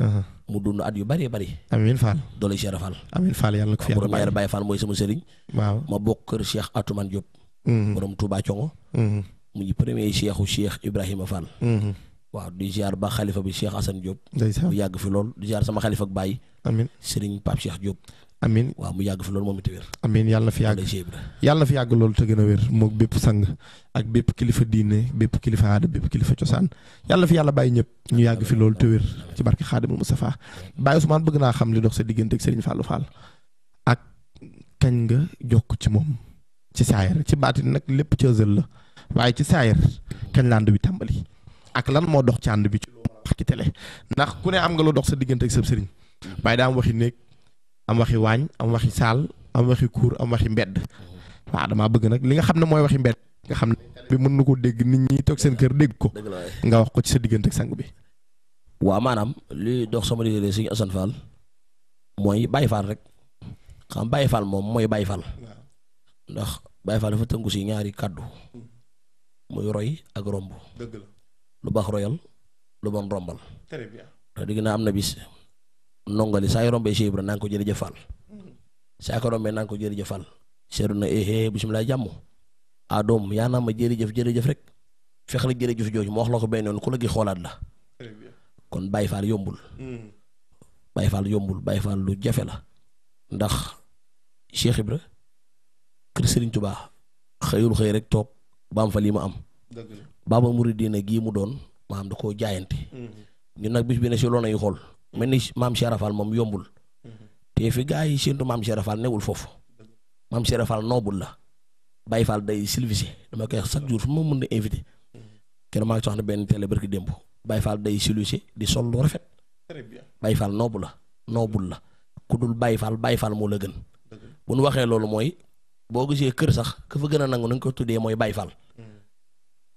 Uh-huh. mu dund at yu bari bari. amiin Fall doole Cheikh Fall. amiin Fall yàlla na ko fi yàlla borom mooy sama Serigne. waaw ma bokk kër Cheikh Atoumane Diop. Mm-hmm. borom Touba mm-hmm. mu ngi premier cheikhu Ibrahima Fall. Mm-hmm. waaw di ziar ba xalifa bi Cheikh Assane Diop. ndeysaan mu yàgg fi lool di ziar sama xalifa ak Baye. amiin Serigne Pape Cheikh Diop. amiin waaw mu yàgg loolu moom it wér. amiin yàlla na fi yàgg yàlla na fi yàgg loolu te gën a wér moog bépp sang ak bépp kilifa diine bépp kilifa aada bépp kilifa cosaan yàlla fi yàlla bàyyi ñëpp ñu yàgg fi loolu te wér ci barke Xaadimul Mustafaa Baye Ousmane bëgg naa xam li dox sa diggante ak Serigne Fallou ak kañ nga jokk ci moom ci saayar ci baatin nag lépp ci la waaye ci saayar kañ la bi tàmbali ak lan moo dox ci ànd bi ci loo wax ndax ku ne am nga loo dox sa diggante sa sëriñ waaye daa am waxi nekk am waxi wañ am waxi sal am waxi cour am waxi mbedd wa dama bëgg nak li nga xamne moy waxi mbedd nga xamne bi mënu ko dégg nit ñi tok seen kër dégg ko nga wax ko ci sa digënt ak sang bi wa manam li dox sama diggante seigne Assane Fall moy Baye Fall rek xam Baye Fall mom moy Baye Fall ndax Baye Fall dafa teungu ci ñaari kaddu moy roy ak rombu deug la lu bax royal lu bon rombal très bien da digna amna bis nongali sa yorombe be ibra nang ko jefal sa ko rombe nang ko jefal seeru na ehe bismillah jàmm a doom ma jere jef jërëjëf jef rek fexal jef joj mo wax lako ko benn gi xolat la kon bay fal yombul hmm. bay fal yombul bay fal lu jefe la ndax Cheikh Ibra kër Serigne Touba xëyul xëy rek tok bam am fa lii ma am mouride Muridiina gi mu doon maam da koo jaayante hmm. ñun nak bis bi ne ci loolu nañu xol mel ni maam Cheikh Rafal moom yombul te fi gars yi séntu maam Cheikh Rafal newul foofu maam Cheikh Rafal noobul la bay Fall day silvisé dama koy wax chaque jour fu ma mën a invité kenn maa ngi benn télé barki démb Baye Fall day silvisé di sol lu rafet Baye Fall noobu la noobul la ku dul Baye Fall Baye Fall moo la gën bu nu waxee loolu mooy boo gisee kër sax ka gën a nangu nañ ko tuddee mooy Baye Fall mm.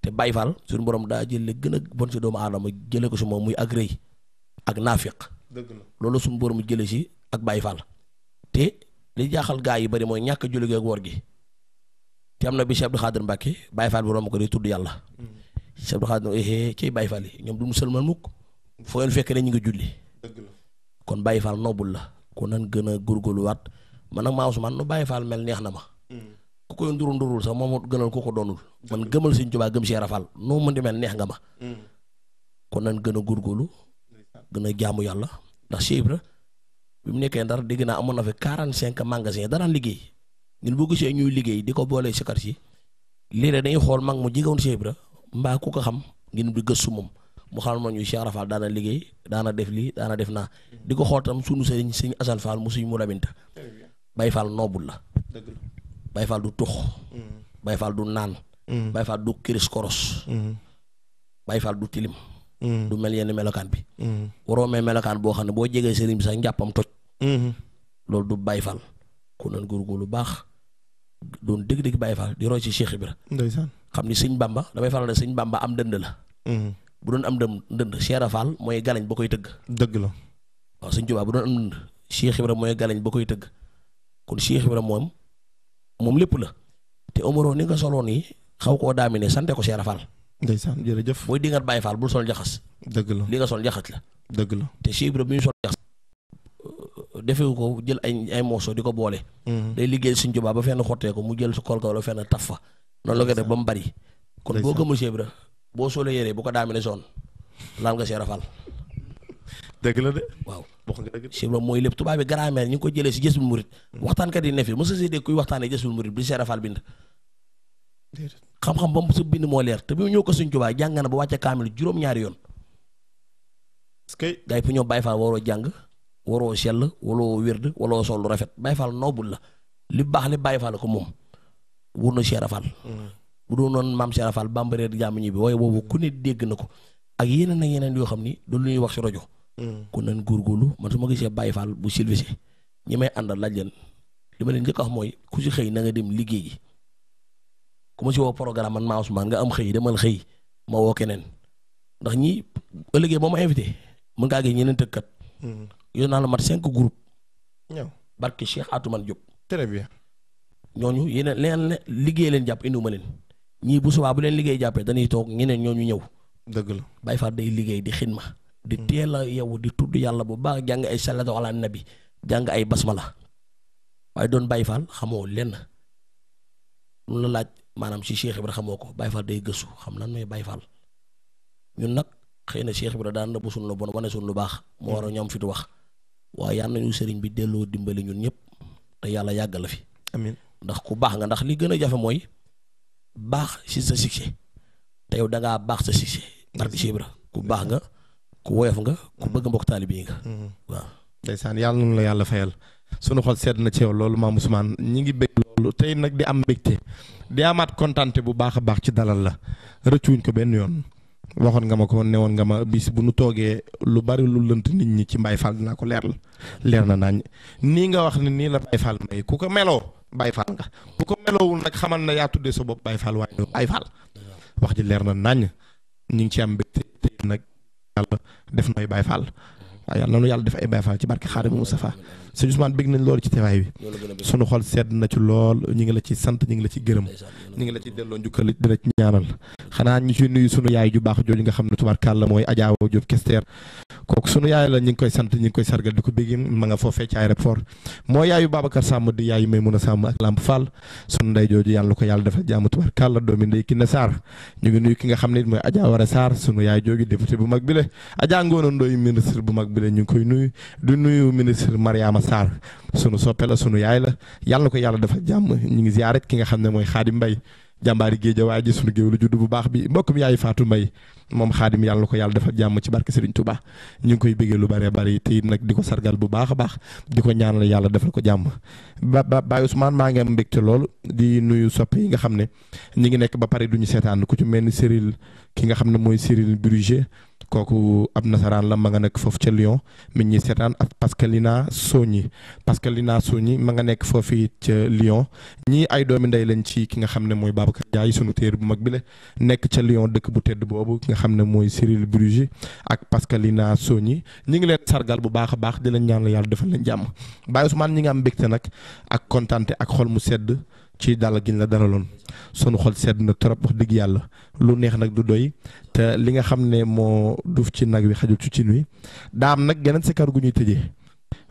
te Baye Fall suñu borom daa jël gën a bon doomu aadama jëlee ko si moom muy agréé. ak naafiq lolu sun borom jële ci ak Baay Faal te li jaxal gaay yi bari moy ñak julli gi ak wor gi te am bi Cheikh Abdou Khadir Mbacke Baay Faal ko di tuddu yalla mm. Cheikh Abdou Khadir ehe eh, ci Baay Faal yi du musulman mukk fo leen fekk ne ñi nga julli kon Baay nobul noobul la ko nan gën gurgul wat man ak maa Ousmane no Baay mel neex na ma mm. ku koy nduru ndurul sax momo gënal ko ko donul man gëmal seigne touba gëm Cheikh Rafal no mën di mel neex nga ma mm. kon nan gën gurgulu gën a jaamu yàlla ndax Cheikh Ibra bi mu nekkee ndar dégg naa amoon na fi quarante cinq magasin daraan liggéey ñun boo gisee ñuy liggéey di ko boolee si kar si léeg-léeg xool mag mu jegewoon Cheikh Ibra mbaa ku ko xam ngeen di gëstu moom mu xamal ma ñu Cheikh Rafal daana liggéey daana def lii daana def naa di ko xool tam sunu sëriñ sëñ Assane Fall mu suñ mu labinta Baye Fall noobul la Baye Fall du tux mm. Baye Fall du naan mm. Baye Fall du kiris koros mm. Baye Fall du tilim Mm-hmm. du mel yenn melokaan bi. Mm-hmm. waroo may melokaan boo xam ne boo jegee sëriñ bi sax njàppam toj. Mm-hmm. loolu du Baay Faal ku doon góorgóorlu baax doon dëgg-dëgg Baay Faal di roy ci Cheikh Ibra. xam ni sëñ Bamba damay faral ne Bamba am dënd la. bu doon am dënd dënd Cheikh Faal ba koy tëgg. dëgg la waaw sëñ Tuubaa mooy galañ ba koy tëgg kon Cheikh Ibra moom moom lépp la te Omaro ni nga soloon yi xaw koo daamine sante ko Cheikh Faal. ndeysaan jërëjëf booy dingat Baye Fall bul sol jaxas. dëgg la li nga sol jaxas la. dëgg la te Cheikh Ibrahima bi ñu sol jaxas. defewu ko jël ay ay mooso di ko boole. Mm-hmm. day liggéey suñ jubaa ba fenn xottee ko mu jël su kool kaw fenn taf fa. noonu la ko def ba mu bari. kon boo gëmul Cheikh boo soolee yéree bu ko daamee ne zone laal nga Cheikh Rafal. dëgg la de. waaw wax nga dëgg. Cheikh Ibrahima mooy lépp tubaab bi grammaire ñu ngi ko jëlee si Jazbul Murid. Mm-hmm. waxtaankat yi ne fi mos a séedee kuy waxtaanee Jazbul Murid bi Cheikh Rafal bind. déedéet. xam-xam ba mu bind moo leer te bi ñëw ko suñ Tuubaa jàng na ba wàcce kaamil juróom-ñaari yoon. est-ce que gars yi pour ñoom Baye Fall waroo jàng waroo sell waroo wérd waroo sol lu rafet Baye noobul la li baax li Baye Fall ko moom wur na Cheikh Fall. Hmm. bu doon noonu maam Cheikh Fall bambareer jàmm ñi bi waaye boobu ku ne dégg na ko ak yeneen ak yeneen yoo xam ni du lu ñuy wax si rajo. Hmm. kon nañ góorgóorlu man su ma gisee Baye Fall bu silvisé ñi may àndal laaj leen li ma leen njëkk mooy ku si na nga dem liggéey ku ma si woo programme man maa Ousmane am xëy demal xëy ma woo keneen ndax ñi ëllëgee boo ma invité mën ngaa gis ñeneen tëkkat. Mm-hmm. yor naa la mat cinq groupe ñëw barke ñooñu yeneen leen liggéey leen jàpp indiwuma leen ñii bu subaa bu leen liggéey jàppee dañuy toog ñeneen ñooñu ñëw. dëgg la Baye Fall day liggéey di ma di mm-hmm. teel a yow di tudd yàlla bu baax jàng ay salatu ala nabi jàng ay basmala waaye doon Baye xamoo lenn. mun la laaj maanaam si Cheikh Ibra xamoo ko Baye Fall day gësu xam lan mooy Baye Fall ñun nag xëy na Cheikh Ibra daan nëbb suñu lu bon ne suñu lu baax moo hmm. war a ñoom fi du wax waaye na ñu sëriñ bi delloo dimbali ñun ñëpp te yàlla yàggal la fi. amiin ndax ku baax nga ndax li gën a jafe mooy baax si sa te yow baax sa succès. barke ku baax nga ku woyof nga ku bëgg mbokk taalibe yi nga. Hmm. Hmm. waaw ndeysaan yàlla nañu la yàlla fayal sunu xol sedd na ci loolu maam Ousmane ñi ngi bëgg loolu tey nag di am mbégte di amaat kontante bu baax a baax ci dalal la wuñ ko benn yoon waxoon nga ma ko ne woon nga ma bis bu nu toogee lu bari lu lënt nit ñi ci mbay Fall dinaa ko leer la leer na naañ nii nga wax ne nii la Baye Fall may ku ko meloo mbay Fall nga ku ko meloowul nag xamal na yaa tuddee sa bopp Baye Fall waaye doo Baye Fall wax ji leer na naañ ñu ngi ci am mbégte nag yàlla def nooy Baye Fall waaw yàlla nanu yàlla def ay Baay Faal ci barke Xaadimu Mustafaa sëñ Ousmane bég nañ loolu ci teewaay bi sunu xol sedd na ci lool ñu ngi la ci sant ñu ngi la ci gërëm ñu koy sargal di ko bégee ma nga foofee ci aéroport moo yaayu Babacar Sàmm di yaayu Maymuna Sàmm ak Lamp Fall sunu yaay jooju député bu mag bi le Ajaa Ngoona Ndoy ministre bu mag bi la ñu ngi koy nuyu du nuyu ministre Mariama Sarr sunu soppe la sunu yaay la yàlla ko yàlla dafa jàmm ñu ngi ziaret ki nga xam ne mooy xaadi Mbay jàmbaari géejawaay ji sunu géew lu judd bu baax bi mbokk yaay Fatou Mbay mom xaadim yalla ko yalla dafa jamm ci barke Serigne Touba ñu koy bëggé lu bari bari te nak diko sargal bu baaxa baax di ko ñaanal yalla dafa ko jamm ba ba Ousmane ma ngi am lool di nuyu sopp yi nga xamné ñi ngi nekk ba pare duñu ñu ku ci mel ni Cyril ki nga xamné moy Cyril Brugier ab nasaran la ma nga nekk fofu ci Lyon mi ñi seetaan ak Pascalina soñi Pascalina soñi ma nga nekk fofu ci Lyon ñi ay doomi ndey lañ ci ki nga xam moy babakar jaay sunu bu mag bi le nekk ci Lyon dëkk bu tedd xam ne mooy Cyril Brugi ak Pascalina soo ñi ngi leen sargal bu baax a baax di leen ñaan la yàlla defal leen jàmm Baye Ousmane ñi nga am mbégte nag ak ak xol mu sedd ci dala giñ la dalaloon sunu xol sedd na trop wax dëgg yàlla lu neex nag du doy te li nga xam ne moo duuf ci nag wi xajul ci ci cin wi daam nag geneen sikar gu ñuy tëjee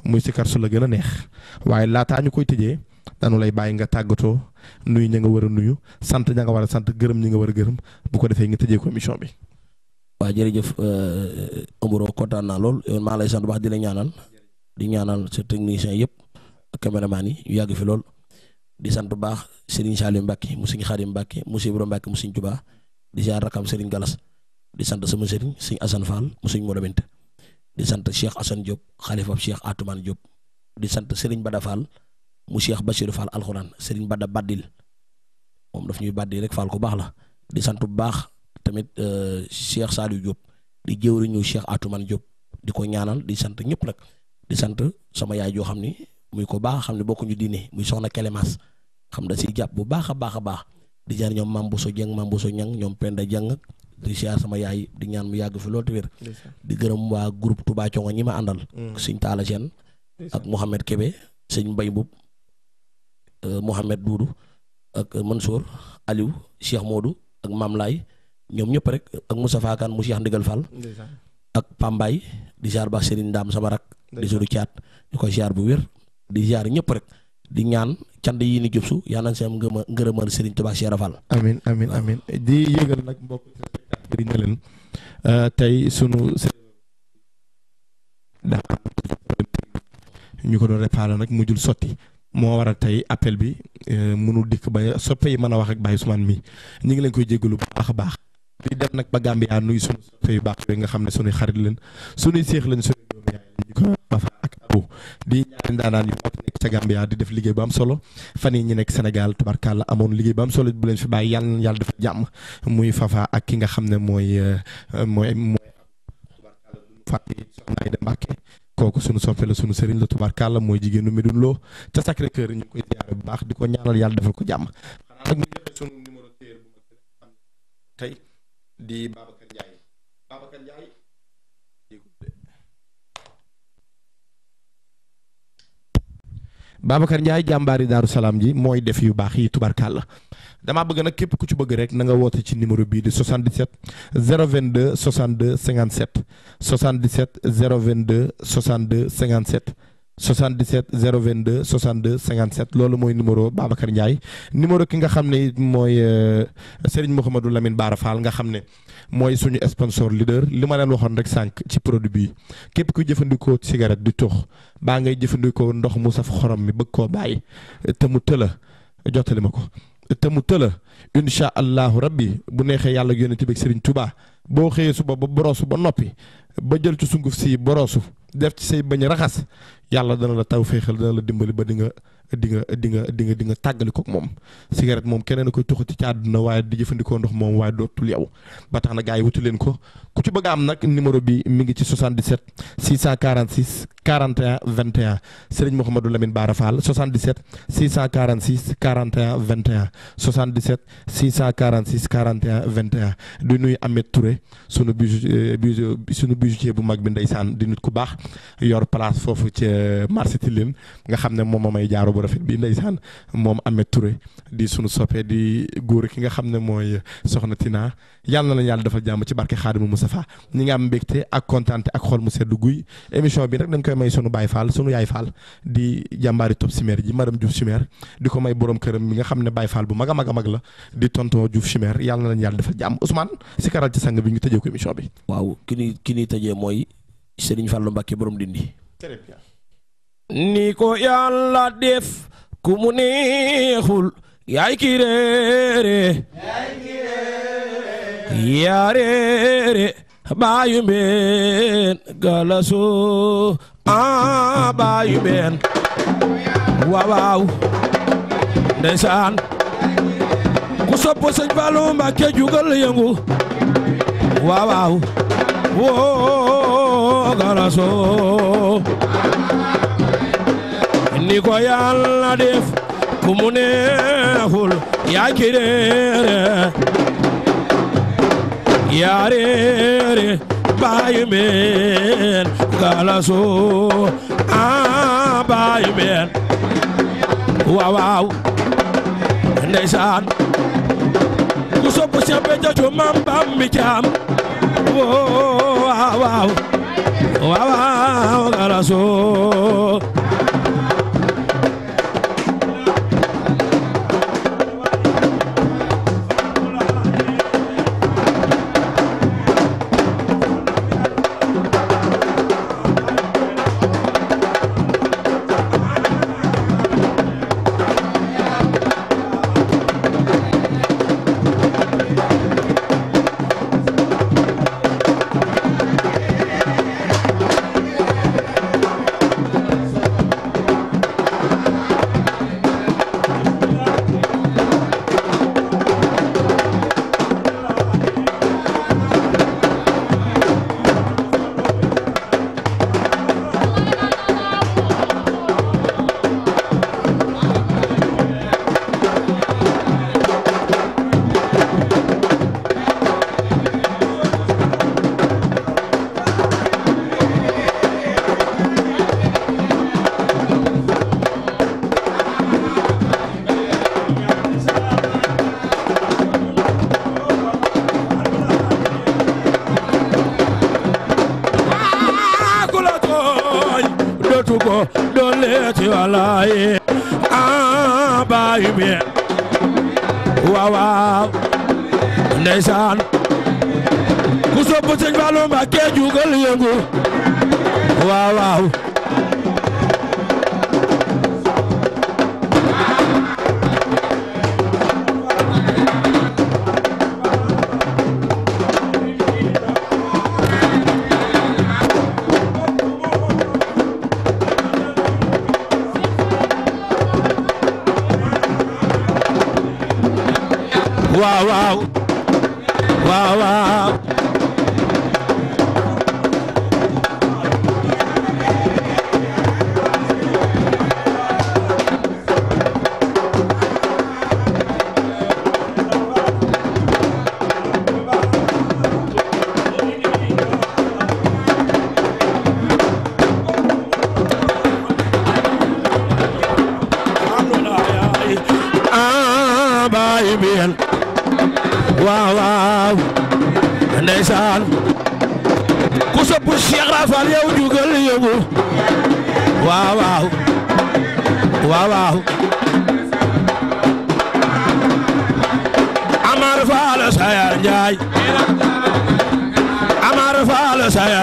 muy sikar su la gën a neex waaye laataa ñu koy tëjee danu lay bàyyi nga tàggatoo nuyu ña nga war a nuyu sant ña nga war a sant gërëm ñi nga war a gërëm bu ko defee nga tëjee ko bi. waaw euh Omaro kontaan na lol yon ma lay sant baax di ñaanal di ñaanal ce technicien yep cameraman yi yu yag fi lol di sant bax Serigne Salim Mbacke mu Serigne Khadim Mbacke mu Serigne Mbacke mu Serigne Touba di ziar rakam Serigne Galas di sant sama Serigne Serigne Assane Fall mu Serigne Modou di sant Cheikh Assane Diop khalifa Cheikh atouman Diop di sant Serigne Bada Fall mu Cheikh bachir Fall alcorane Serigne Bada Badil mom daf ñuy badil rek Fall ko bax la di sant bu tamit euh, Cheikh Saliou Diop di jëwriñu Cheikh Atoumane Diop di ko ñaanal di sant ñep nak di sant sama yaay jo xamni muy ko baax xamni bokku ñu diiné muy soxna Kelemas xam da si japp bu baaxa baaxa baax di jaar di mambu so jeng mambu so Ñang ñom Penda jeng di ciar sama yaay di ñaan mu yag fi di gërem wa groupe Touba ci nga ma andal seigne tala Seen ak Muhammad kebe seigne Mbay Mbub euh, mohammed Doudou ak Mansour Aliou Cheikh Modou ak Mam laye ñom ñep rek ak Moustapha Kane mu Cheikh Ndigal Fall ak Pambay di ziar ba Serigne Dame sama rak di sunu caat ñu ziar bu di ziar ñep rek di ñaan cyand yi ni jubsu ya nañ si am ngërëm Serigne Touba Cheikh Rafal amin amin amin di yëgal nak mbokk di ne leen eh, tay sunu ñu ko réparer nak mu jul soti mo waral tay appel bi eh, mënu dik ba soppe mëna wax ak Baye Ousmane mi ñi ngi lañ koy jéggelu baax baax di dem nag ba Gambia nuyu sunu soppe yu baax yooyu nga xam ne sunuy xarit leen sunuy séex leen sunuy doomi yaay ñu ko Bafa ak Abo di di def liggéey bu am solo fan yi ñu nekk Sénégal tubarkàlla amoon liggéey bu am solo bu leen fi bàyyi yàlla na yàlla dafa jàmm muy Fafa ak ki nga xam ne mooy euh, mooy mooy fàtte soxna Aida Mbacke kooku sunu soppe la sunu sëriñ la tubarkàlla mooy jigéenu Médoune Lo ca Sacré Cœur ñu koy ziare bu baax di ko ñaanal yàlla defal ko jàmm tey di Babacar Ndiaye Babacar Ndiaye salaam ji mooy def yu baax yi tubarkàlla damaa bëgg na képp ku ci bëgg rek na nga woote ci numéro bii di 77 022 62 57 77 022 62 57 77 022 62 57 loolu mooy numéro Babacar Ndiaye numéro ki nga xam ne mooy euh, Serigne Mouhamadou Lamine Bara Fall nga xam ne mooy suñu sponsor leader li ma leen waxoon rek sànq ci produit bi képp ku jëfandikoo cigarette di tux baa ngay jëfandikoo ndox mu saf xorom mi bëgg koo bàyyi te mu tëla jottali ma ko te mu tëla incha allahu rabbi bu neexee yàlla yónnent bi ak Serigne Touba. boo xëyee suba ba borosu ba noppi ba jël ci sunguf si borosu def ci say bañ raxas yàlla dana la taw féexal dana la dimbali ba di nga di nga di nga di nga di nga tàggali ko moom cigarette moom keneen a koy tuxati ci àdduna waaye di jëfandikoo ndox moom waaye dootul yow ba tax na gars yi wutu leen ko ku ci bëgg am nag numéro bi mi ngi ci 77 646 41 21 Serigne Mouhamadou Lamine Bara Fall 77 646 41 21 77 646 41 21 di nuyu Ameth Touré sunu bijoutier euh, sunu bijoutier bu mag bi ndeysaan di nit ku baax yor place foofu ca marché Tilène nga xam ne moom may jaaru bu rafet bi ndeysaan moom Ameth Touré di sunu soppe di góor ki nga xam ne mooy soxna Tina yàlla na lañu yàlla defal jàmm ci barke Xaadimu Mustafa ñi nga am mbégte ak kontaan ak xol mu sedd guy émission bi nag dañ koy may sunu Baay Faal sunu Yaay Faal di jàmbaari top chimère ji madame Diouf chimère di ko may borom këram mi nga xam ne Baay Faal bu mag a mag la di tonton Diouf chimère yàlla yàlla defal si karal ci sang ne bi ñu tëjee ko émission bi. waaw ki ni tëjee mooy Serigne Fallou Mbacke borom dindi. ni ko yàlla def ku mu neexul. yaay ki reere. yaa mbeen galaso ah baayu mbeen waaw waaw ndeysaan ku sopp sëñ Fallou Mbacke jugal yëngu waaw woo garaso ni ko yàlla def ku mu neexul yaa ci reere yaa reere baayu meen galaso aa ah, baayu meen waaw waaw ku sopp Cheikh Béthio cu maam Bam mi caam waaw waaw waaw waaw dootu ko dooleeti walaaye ah baay bi e. waaw waaw ku sopp Sëñ Fallu Mbàkke jugal yëngu waaw waaw waaw waaw waaw waaw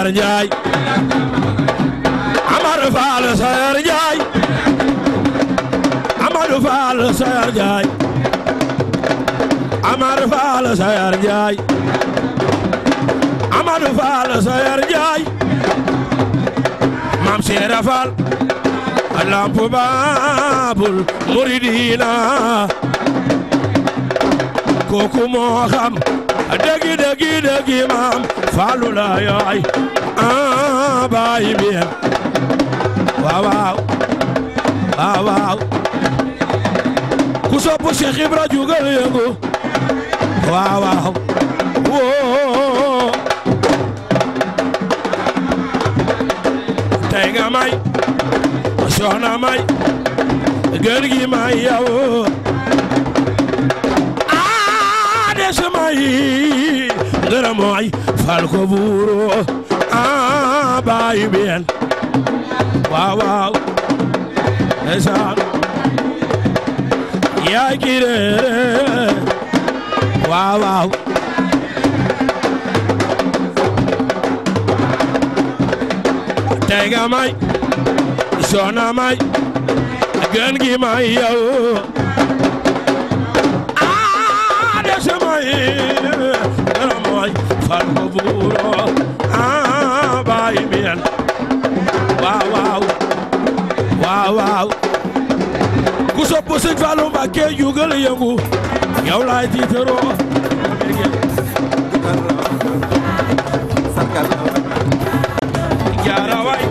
Sayar Njaay Amadou Fall Sayar Njaay Amadou Fall Sayar Njaay Amadou Fall Sayar Njaay Amadou Fall Sayar Njaay Maam Seera Fall Lamp Baabul Muridiina kooku moo xam dëgg dëgg dëgg maam Faalu la yaay baay biir waaw waaw waaw waaw ku sopp Cheikh Ibra jugal yëngu waaw waaw woo tey nga may soxna may gër gi may yow aa des may gërëm baay beel waaw waaw ndeysaan yaay ki reere waaw waaw tega may soona may gën gi may yow aa dese may dara may fal ko buuro sopp sëñ Fallou Mbacké jugal yëngu yow laay tiitaroo jaarawaay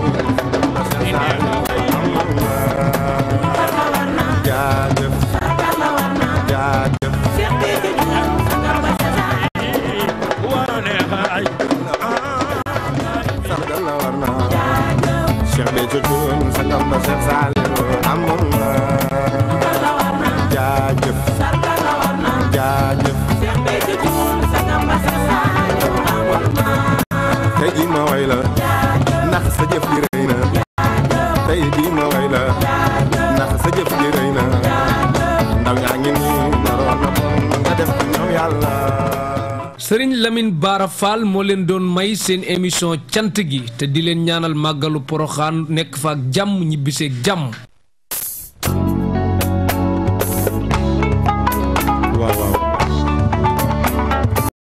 Cheikh Béthio Thioune sa kam ba Cheikh Saliou amoon Bara Fall moo leen doon may seen émission cant gi te di leen ñaanal màggalu poroxaan nekk fa ak jàmm ñibbisee jàmm